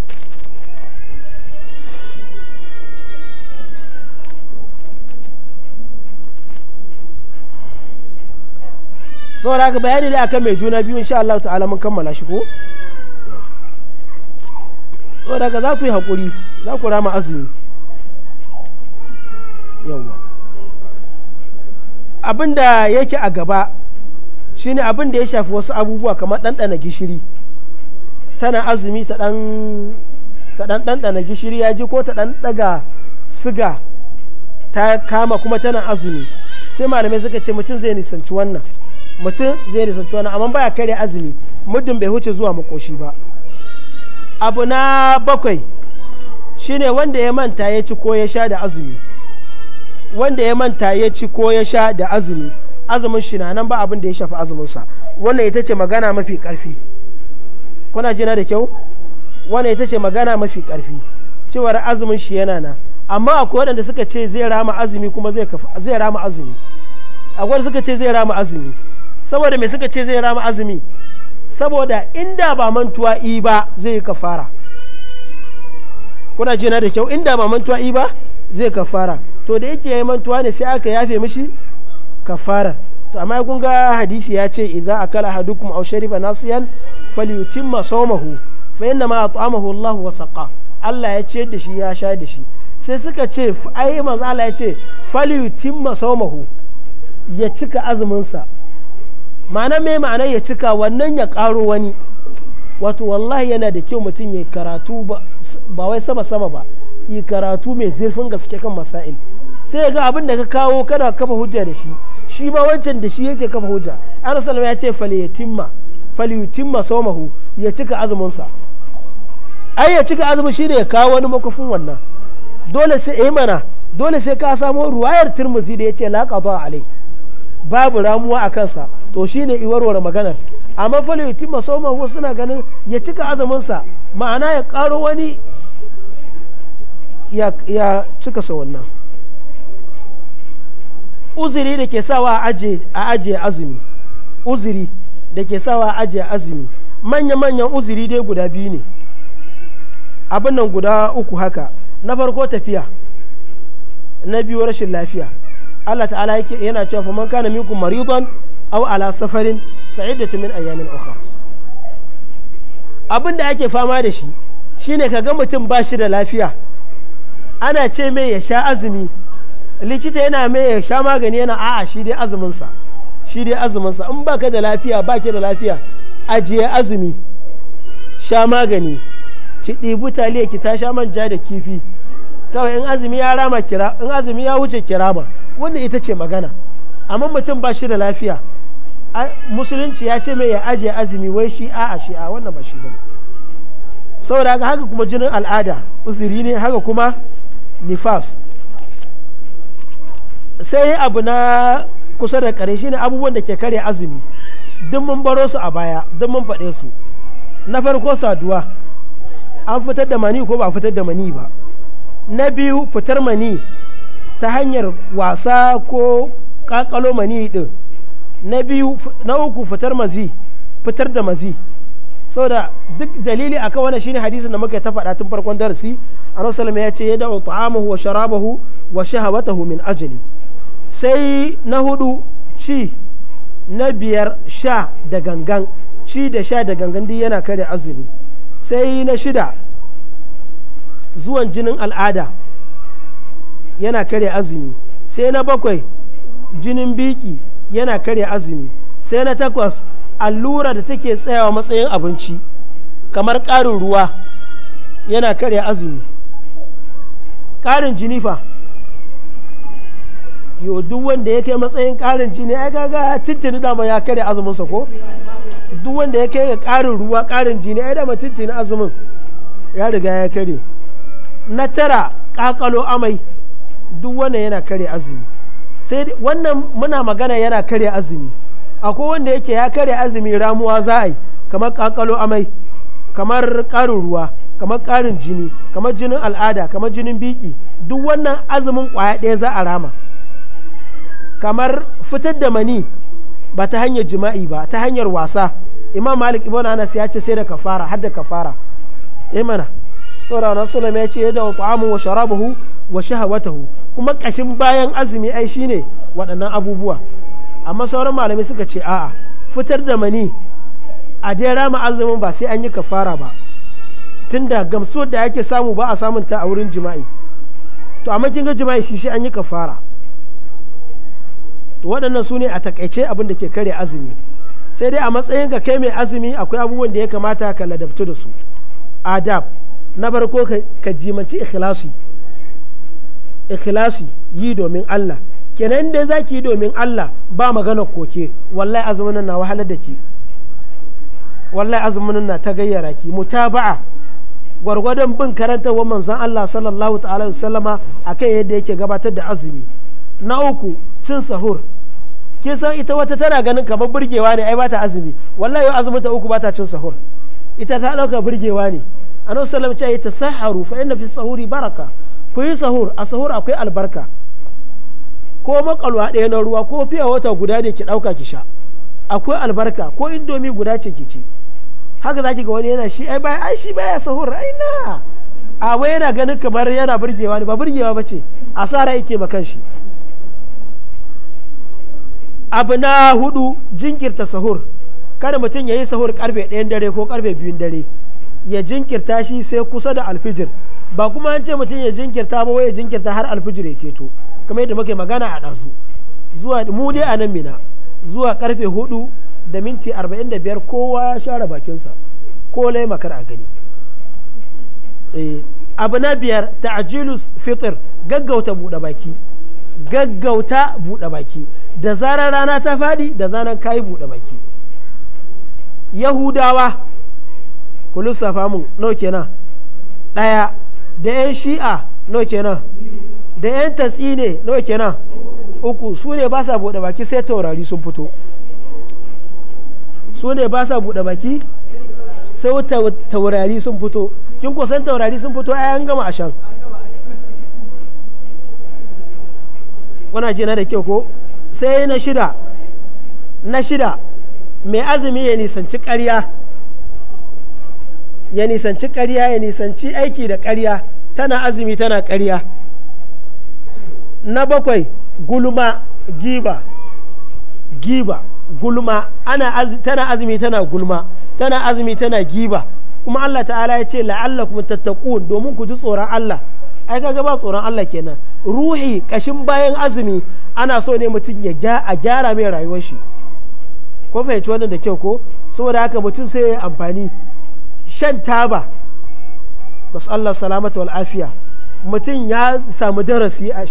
saboda haka bayani dai akan mai juna biyu insha Allah ta'ala mun kammala shi ko saboda haka za ku yi hakuri za ku rama azumi yawa abin da yake a gaba shine abin da ya shafi wasu abubuwa kamar ɗanɗana gishiri tana azumi ta ɗan ɗanɗana gishiri ya ji ko ta ɗan ɗaga siga ta kama kuma tana azumi sai malamai suka ce mutum zai nisanci wannan mutum zai nisanci wani amma baya kare azumi muddin bai huce zuwa makoshi ba abu na bakwai shine wanda ya manta ya ci ko ya sha da azumi wanda ya manta ya ci ko ya sha da azumi azumin shi na nan ba abin da ya shafi azuminsa wannan ita ce magana mafi karfi kuna jina da kyau wannan ita ce magana mafi karfi cewar azumin shi yana na amma akwai waɗanda suka ce zai rama azumi kuma zai rama azumi akwai suka ce zai rama azumi saboda mai suka ce zai rama azumi saboda inda ba mantuwa i ba zai kafara kuna jina da kyau inda ba mantuwa i ba zai kafara to da yake yayi mantuwa ne sai aka yafe mishi kafarar to amma kun ga hadisi ya ce idza akala ahadukum aw shariba nasiyan falyutimma sawmahu fa inna ma at'amahu Allah wa saqa Allah ya ce da shi ya sha da shi sai suka ce ai manzo Allah ya ce falyutimma sawmahu ya cika azuminsa. ma'ana mai ma'ana ya cika wannan ya karo wani wato wallahi yana da kyau mutum ya karatu ba wai sama-sama ba yi karatu mai zurfin gaske kan masail sai ga abin da ka kawo kana kafa hujja da shi shi ma wancan da shi yake kafa hujja an salama ya ce faliyatimma saumahu ya cika azuminsa ai ya cika azumi ne ya kawo wani makofin wannan dole sai yi eh mana dole sai ka samo ruwayar turmuzi da ya ce laƙa alai babu ramuwa a kansa to shine iwarware maganar amma fali yutim masoma huwa suna ganin ya cika azuminsa ma'ana ya karo wani ya cika sa wannan uziri da ke sawa a ajiye azumi uziri da ke sawa a ajiye azumi manya-manyan uzuri dai guda biyu ne abin nan guda uku haka na farko tafiya na biyu rashin lafiya Allah ta'ala yana cewa faman kana minkum maridon au ala safarin fa'iddatu min ayyamin ukhra abin da ake fama da shi shine ka ga mutum ba shi da lafiya ana ce mai ya sha azumi likita yana mai ya sha magani yana a'a shi dai azuminsa shi dai azuminsa in ka da lafiya ba ke da lafiya ajiye azumi sha magani ki ɗibi taliya ki ta sha manja da kifi kawai in azumi ya rama kira in azumi ya wuce kirama wannan ita ce magana amma mutum ba shi da lafiya musulunci ya ce mai ya ajiye azumi wai shi a a shi'a wannan ba shi bane saboda haka kuma jinin al'ada uzuri ne haka kuma nifas sai abu na kusa da kare ne abubuwan da ke kare azumi duk mun baro su a baya duk mun faɗe su na farko saduwa an fitar da mani ko ba fitar da mani ba na biyu fitar mani ta hanyar wasa ko kakalo mani din na biyu na uku fitar mazi fitar da mazi saboda duk dalili akan wannan shine hadisin da muka ta faɗa tun farkon darasi annabi ya ce ya da'u ta'amahu wa sharabahu wa shahawatahu min ajli sai na hudu ci na biyar sha da gangan ci da sha da gangan duk yana kare azumi sai na shida zuwan jinin al'ada yana kare azumi sai na bakwai jinin biki yana karya azumi sai na takwas allura da take tsayawa matsayin abinci kamar ƙarin ruwa yana karya azumi ƙarin jini fa yo duk wanda ya kai matsayin ƙarin jini ai kaga tintini dama ya karya azuminsa ko duk wanda ya kai ga ƙarin ruwa ƙarin jini ai dama tintini azumin ya riga ya karye na tara ƙaƙalo amai duk wanda yana karya azumi sai wannan muna magana yana karya azumi akwai wanda yake ya karya azumi ramuwa za a yi kamar kakalo amai kamar karin ruwa kamar karin jini kamar jinin al'ada kamar jinin biki duk wannan azumin kwaya ɗaya za a rama kamar fitar da mani ba ta hanyar jima'i ba ta hanyar wasa imam malik ibn anas ya ce sai da kafara har da kafara imana eh saboda rasulullah ya ce ya da ta'amu wa sharabahu wa shahawatahu kuma kashin bayan azumi ai shine waɗannan abubuwa amma sauran malamai suka ce a'a fitar da mani a dai rama azumin ba sai an yi kafara ba tunda gamsuwar da yake samu ba a samun ta a wurin jima'i to amma kin ga jima'i shi shi an yi kafara to waɗannan su ne a takaice abin da ke kare azumi sai dai a matsayin ka kai mai azumi akwai abubuwan da ya kamata ka ladabtu da su adab na farko ka jimanci ikhlasi ikhlasi yi domin Allah kenan dai za ki yi domin Allah ba magana koke wallahi azumin na wahalar da ke wallahi azumin na ta gayyara ki mutaba'a gwargwadon bin wa manzan Allah sallallahu ta'ala wasallama kan yadda yake gabatar da azumi na uku cin sahur kin san ita wata tana ganin kamar burgewa ne ai bata azumi wallahi yau azumin ta uku bata cin sahur ita ta dauka burgewa ne annabi sallallahu alaihi wasallam ya tasaharu fa inna fi sahuri baraka ku yi sahur a sahur akwai albarka ko makalwa ɗaya na ruwa ko fiye wata guda ne ki ɗauka ki sha akwai albarka ko indomi guda ce ki ci haka za ki ga wani yana shi ai baya ai shi baya sahur ai na a wai yana ganin kamar yana burgewa ne ba burgewa ba ce asara yake ma kanshi abu na hudu jinkirta sahur kada mutum ya yi sahur karfe ɗayan dare ko karfe biyun dare ya jinkirta shi sai kusa da alfijir ba kuma an ce mutum ya jinkirta ba wai ya jinkirta har alfijir ya keto kamar yadda muke magana a ɗansu zuwa mu a nan mina zuwa karfe hudu da minti arba'in da biyar kowa ya share bakinsa ko laimakar a gani eh, abu na biyar ajilus fitir gaggauta buɗe baki gaggauta buɗe baki da zarar rana ta faɗi da zanen kayi buɗe baki yahudawa ku lissafa mun no kenan ɗaya da 'yan shi'a no kenan da 'yan tatsi ne nawa kenan uku su ne ba sa buɗe baki sai taurari sun fito su ne ba sa buɗe baki sai taurari sun fito kin kusan taurari sun fito a an gama a shan kuna ji na da kyau ko sai na shida na shida mai azumi ya nisanci ƙarya ya nisanci karya ya nisanci aiki da karya tana azumi tana ƙarya na bakwai gulma giba giba gulma ana tana azumi tana gulma tana azumi tana giba kuma Allah ta'ala ya ce kuma tattaqun domin ku ji tsoron Allah ai kaga ba tsoron Allah kenan ruhi kashin bayan azumi ana so ne mutum ya a gyara mai rayuwar shi ko fahimci wannan da kyau ko saboda haka mutum sai ya yi amfani shan taba masu Allah salamata wal afiya mutum ya samu darasi a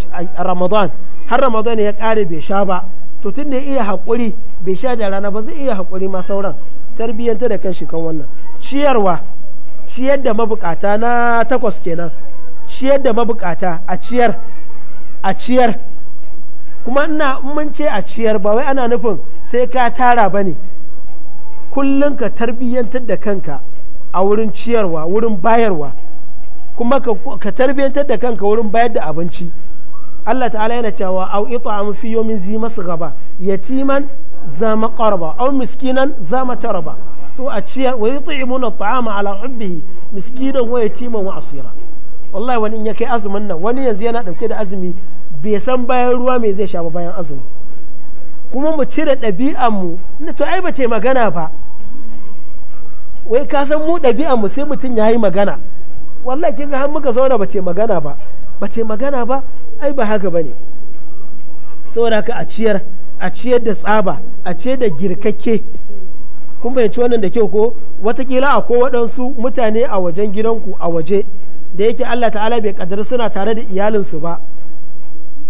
ramadan har ramadan ya kare bai sha ba to tun da ya iya haƙuri bai sha da rana ba zai iya haƙuri ma sauran tarbiyyanta da kan kan wannan ciyarwa ciyar da mabukata na takwas kenan ciyar da mabukata a ciyar a ciyar kuma ina mun ce a ciyar ba wai ana nufin sai ka tara ba ne kullum ka tarbiyyantar da kanka a wurin ciyarwa wurin bayarwa kuma ka tarbiyantar da kanka wurin bayar da abinci Allah ta'ala yana cewa au a fi yomin zi masu gaba yatiman za maqarba au miskinan za matarba so a ciyar wa yut'imuna ta'ama ala hubbihi miskinan wa yatiman wa asira wallahi wani in ya kai azumin nan wani yanzu yana dauke da azumi bai san bayan ruwa mai zai sha ba bayan azumi kuma mu cire ɗabi'an mu na to ai ba magana ba wai ka san mu ɗabi'a mu sai mutum ya yi magana wallahi kin ga har muka zauna ba ce magana ba ba ce magana ba ai ba haka ba bane saboda haka a ciyar a ciyar da tsaba a ciyar da girkakke kun fahimci wannan da kyau ko watakila a ko waɗansu mutane a wajen gidanku a waje da yake Allah ta'ala bai kaddara suna tare da iyalinsu ba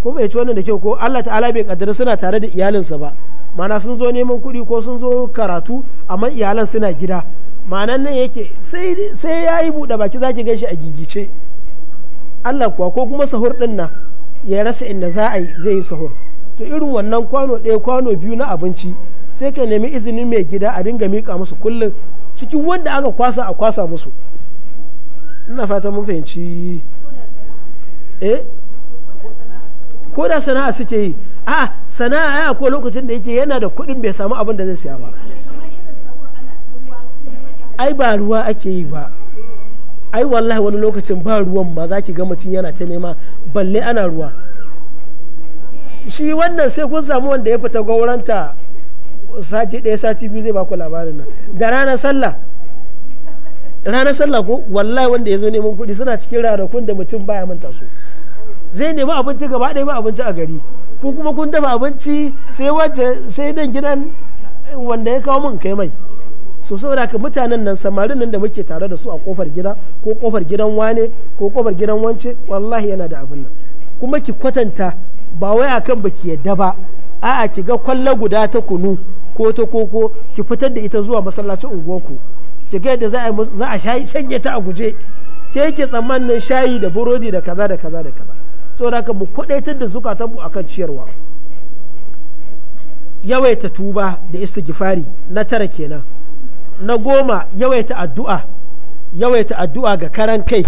kuma bai ci wannan da kyau ko Allah ta'ala bai kaddara suna tare da iyalinsa ba ma'ana sun zo neman kuɗi ko sun zo karatu amma iyalan suna gida ma'anan nan yake sai sai yayi buɗe baki zaki gan shi a gigice Allah kuwa ko kuma sahur din nan ya rasa inda za a yi zai yi sahur to irin wannan kwano ɗaya kwano biyu na abinci sai ka nemi izinin mai gida a dinga miƙa musu kullum cikin wanda aka kwasa a kwasa musu ina fata mun fahimci eh ko da sana'a suke yi a sana'a ya ko lokacin da yake yana da kuɗin bai samu abin da zai siya ba ai ba ruwa ake yi ba ai wallahi wani lokacin ba ruwan ma za ki ga mutum yana ta nema balle ana ruwa shi wannan sai kun samu wanda ya fita gauranta sati ɗaya sati biyu zai baku labarin nan da ranar sallah ranar sallah ko wallahi wanda ya zo neman kuɗi suna cikin ranakun da mutum baya manta su zai nemi abinci gaba ɗaya ba abinci a gari ko kuma kun dafa abinci sai wace sai dan gidan eh, wanda ya kawo min kai mai so saboda ka mutanen nan samarin nan da muke tare da su a kofar gida ko kofar gidan wane ko kofar gidan wance wallahi yana da abin nan kuma ki kwatanta ba wai akan baki yadda ba a'a ki ga kwalla guda ta kunu ko ta koko ki fitar da ita zuwa masallacin unguwarku ki ga yadda za a shanye ta a guje ke yake tsammanin shayi da burodi da kaza da kaza da kaza saboda haka mu kwadaitar da zukatan mu akan ciyarwa yawaita tuba da istighfari na tara kenan na goma yawaita addu'a yawaita addu'a ga karan kai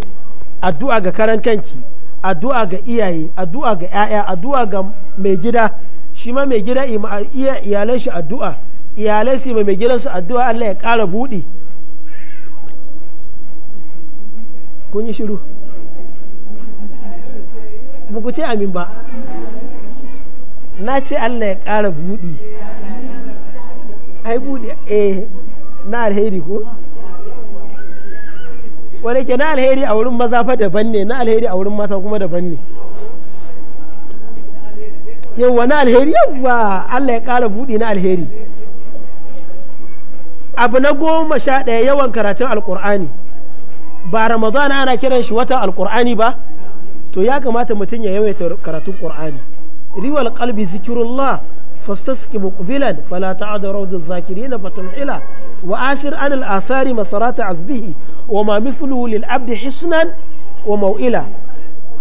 addu'a ga karan kanki addu'a ga iyaye addu'a ga 'ya'ya addu'a ga mai gida shi ma mai gida iyalan shi addu'a iyalai su mai su addu'a Allah ya ƙara buɗi kun yi shiru buku ce amin ba na ce allah ya ƙara buɗi ai buɗi eh na alheri ko wadda ke na alheri a wurin maza fa daban ne na alheri a wurin mata kuma daban ne yawwa na alheri yawwa allah ya ƙara buɗi na alheri abu na goma sha ɗaya yawan karatun alƙur'ani ba ramadana ana kiran shi watan alƙur'ani ba to ya kamata mutum ya yawaita karatun qur'ani riwal qalbi zikrullah fastasqi muqbilan fala ta'ada rawdu zakirin fatumhila wa ashir anil al athari masarata azbihi wa ma mithluhu lil abdi hisnan wa maw'ila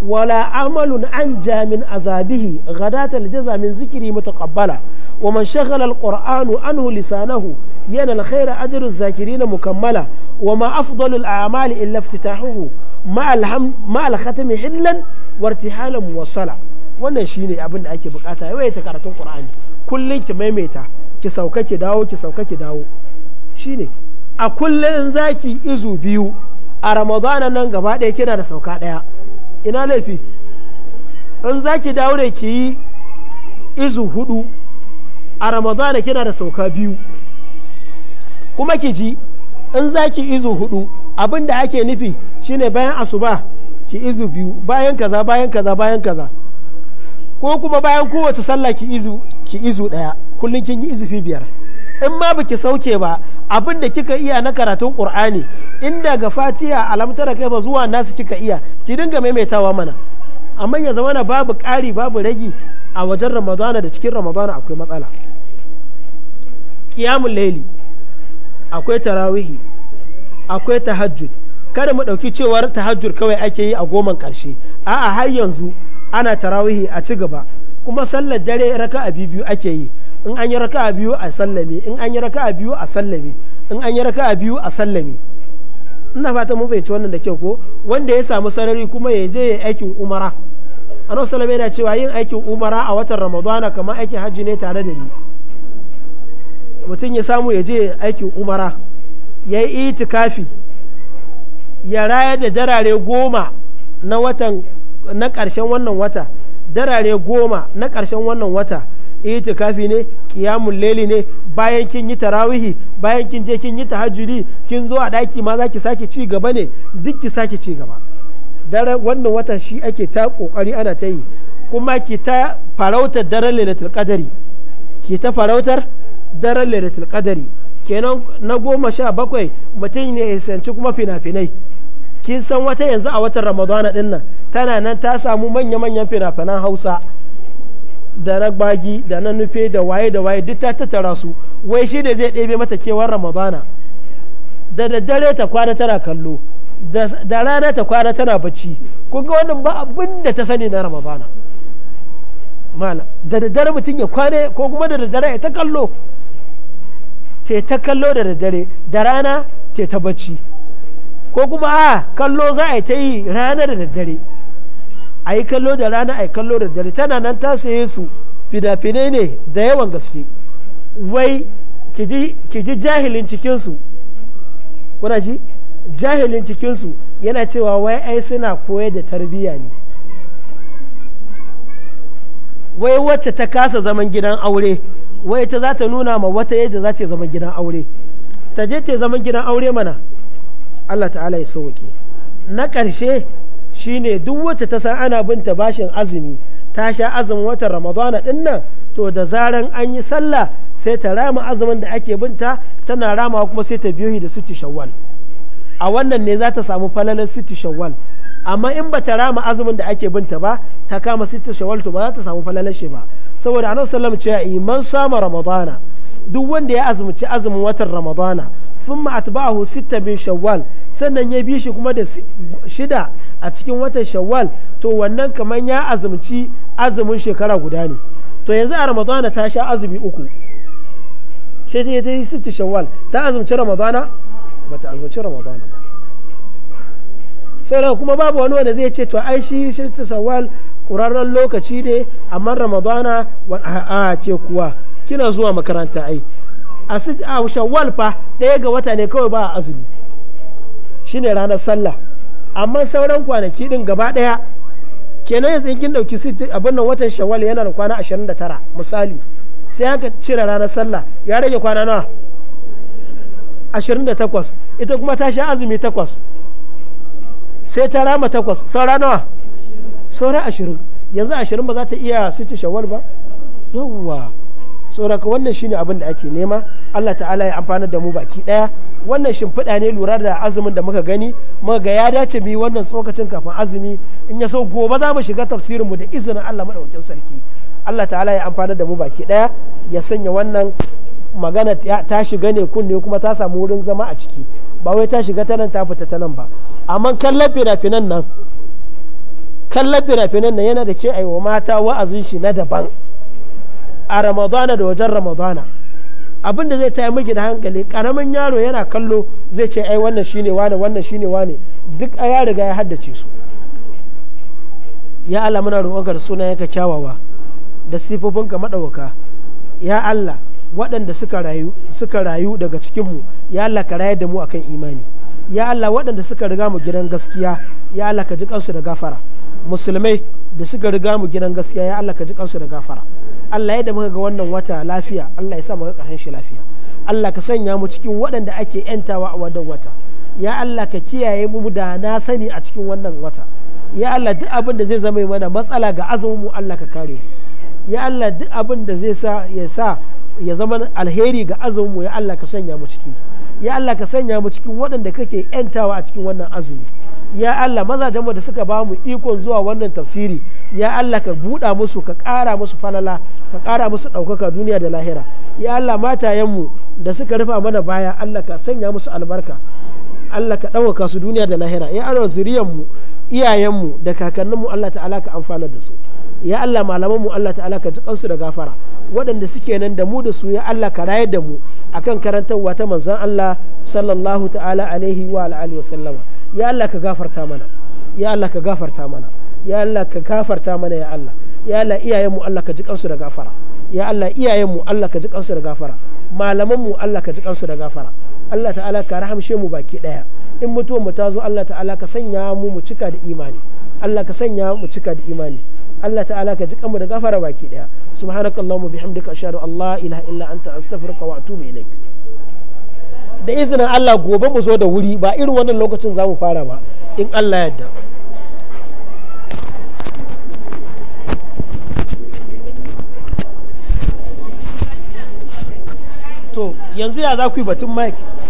ولا عمل أنجى من عذابه غداة الجزاء من ذكري متقبلة ومن شغل القرآن عنه لسانه ينال خير أجر الذاكرين مكملة وما أفضل الأعمال إلا افتتاحه مع, الهم مع الختم حلا وارتحالا موصلا wannan ne abin da ake bukata yawaita karatun qur'ani kullun ki maimaita ki sauka ki dawo ki sauka ki dawo ne a kullun zaki izu biyu a ramadana nan gaba ɗaya kina da sauka ɗaya ina laifi in za ki daure ki yi izu hudu a ramadana kina da sauka biyu kuma ki ji in za ki izu hudu abin da ake nufi shine bayan asuba ki izu biyu bayan kaza bayan kaza bayan kaza ko kuma bayan kowace sallah ki izu ki izu daya kullum kin yi izu fi biyar in ma baki sauke ba abin da kika iya na karatun ƙur'ani inda ga fatiha alamtara kai ba zuwa nasu kika iya ki dinga maimaitawa mana amma ya zama na babu ƙari babu ragi a wajen ramadana da cikin ramadana akwai matsala kiyamun laili akwai tarawihi akwai tahajjud kada mu ɗauki cewar tahajjud kawai ake yi a goman ƙarshe a'a har yanzu ana tarawihi a ci gaba kuma sallar dare raka a biyu ake yi in an yi raka'a biyu a sallame in an yi raka'a biyu a sallame in an yi raka'a biyu a sallame ina fata mun fahimci wannan da kyau ko wanda ya samu sarari kuma ya je ya aikin umara annabi sallallahu yana cewa yin aikin umara a watan ramadana kamar aikin hajji ne tare da ni mutum ya samu ya je aikin umara ya yi itikafi ya raya da darare goma na watan na ƙarshen wannan wata darare goma na ƙarshen wannan wata itikafi ne kiyamun leli ne bayan kin yi tarawihi bayan kin je kin yi tahajjudi kin zo a daki ma za ki sake ci gaba ne duk ki sake ci gaba dare wannan watan shi ake ta kokari ana ta yi kuma ki ta farautar daren lailatul qadari ki ta farautar daren lailatul qadari kenan na goma sha bakwai mutum ne sanci kuma fina-finai kin san wata yanzu a watan ramadana din tana nan ta samu manya-manyan fina-finan hausa da na gbagi da na nufe da waye da waye duk ta tattara su wai shi da zai ɗebe mata kewar ramadana da daddare ta kwana tana kallo da rana ta kwana tana bacci kun ga wannan ba abin da ta sani na ramadana malam da daddare mutum ya kwane ko kuma da daddare ya ta kallo te ta kallo da daddare da rana te ta bacci ko kuma a kallo za a yi ta yi rana da daddare a yi kallo da rana a yi kallo da dare tana nan ta saye su fina-finai ne da yawan gaske wai ki ji jahilin cikinsu kuna ji jahilin cikinsu yana cewa wai ai suna koyar da tarbiyya ne wai wacce ta kasa zaman gidan aure wai ita za ta nuna ma wata yadda za ta zaman gidan aure ta je ta zaman gidan aure mana allah ta'ala ya sauke na ƙarshe shine duk wacce ta san ana binta bashin azumi ta sha azumin watan ramadana din nan to da zaran an yi sallah sai ta rama azumin da ake binta tana rama kuma sai ta biyo da sitti shawwal a wannan ne za ta samu falalar sitti shawwal amma in ba ta rama azumin da ake binta ba ta kama sitti shawwal to ba za ta samu falalar shi ba saboda annabi sallallahu alaihi wasallam cewa iman sama ramadana duk wanda ya azumci azumin watan ramadana sun atba'ahu sitta bin shawwal sannan ya bi shi kuma da shida a cikin watan shawwal to wannan kamar ya azumci azumin shekara guda ne to yanzu a ramadana ta sha azumi uku sai ta ta yi sita shawwal ta azumci ramadana ba ta azumci ramadana ba sauran kuma babu wani wanda zai ce to ai shi sita shawwal ƙurarren lokaci ne amma ramadana a ke kuwa kina zuwa makaranta ai a shawwal fa ɗaya ga wata ne kawai ba a azumi shi ne ranar sallah amma sauran kwanaki din gaba ɗaya kenan yanzu in kin ɗauki abin nan watan shawwal yana da kwana 29 misali sai aka cire ranar sallah ya rage kwana nawa 28 ita kuma ta sha azumi 8 sai ta rama 8 saura nawa saura 20 yanzu 20 ba za ta iya sitin shawwal ba yawwa sauraka wannan shine abin da ake nema Allah ta'ala ya amfana da mu baki daya wannan shimfiɗa ne lura da azumin da muka gani muka ga ya dace mu wannan tsokacin kafin azumi in ya so gobe za mu shiga tafsirin mu da izinin Allah madaukakin sarki Allah ta'ala ya amfana da mu baki daya ya sanya wannan magana ta shiga ne kunne kuma ta samu wurin zama a ciki ba wai ta shiga ta nan ta fita ta nan ba amma kallon fina-finan nan kallon fina nan yana da ke aiwa mata wa'azin shi na daban a ramadana da wajen ramadana abin da zai taya miki da hankali karamin yaro yana kallo zai ce ai wannan shine wane wannan shine wane duk a ya riga ya haddace su ya Allah muna roƙonka da suna yanka kyawawa da sifofinka maɗauka ya Allah waɗanda suka rayu suka rayu daga cikinmu ya Allah ka rayar da mu akan imani ya Allah waɗanda suka riga mu gidan gaskiya ya Allah ka ji kansu da gafara musulmai da suka riga mu gidan gaskiya ya Allah ka ji kansu da gafara Allah ya da muka ga wannan wata lafiya Allah ya sa muka ƙarshen shi lafiya Allah ka sanya mu cikin waɗanda ake yantawa a wannan wata ya Allah ka kiyaye mu da na sani a cikin wannan wata ya Allah duk abin da zai zama mana matsala ga azumin mu Allah ka kare ya Allah duk abin da zai sa ya sa ya zama alheri ga azumin mu ya Allah ka sanya mu ciki ya Allah ka sanya mu cikin waɗanda kake yantawa a cikin wannan azumi ya Allah mazajenmu da suka ba mu ikon zuwa wannan tafsiri ya Allah ka buɗa musu ka ƙara musu falala ka ƙara musu ɗaukaka duniya da lahira ya Allah matayenmu da suka rufa mana baya Allah ka sanya musu albarka Allah ka ɗaukaka su duniya da lahira ya Allah zuriyanmu iyayenmu da kakanninmu Allah ta'ala ka amfana da su ya Allah malaman mu Allah ta'ala ka ji kansu da gafara waɗanda suke nan da mu da su ya Allah ka raye da mu akan karantarwa ta manzon Allah sallallahu ta'ala alaihi wa alihi wasallama ya Allah ka gafarta mana ya Allah ka gafarta mana ya Allah ka gafarta mana ya Allah ya Allah iyayen mu Allah ka ji kansu da gafara ya Allah iyayen mu Allah ka ji kansu da gafara malaman mu Allah ka ji kansu da gafara Allah ta'ala ka rahamshe mu baki daya in mutuwa mu ta zo Allah ta'ala ka sanya mu mu cika da imani Allah ka sanya mu cika da imani Allah ta'ala ka ji kanmu da gafara baki daya subhanakallahumma bihamdika ashhadu an la ilaha illa anta astaghfiruka wa atubu ilaik da izinin Allah gobe mu zo da wuri ba irin wannan lokacin za mu fara ba in Allah yadda to yanzu ya za ku yi batun mike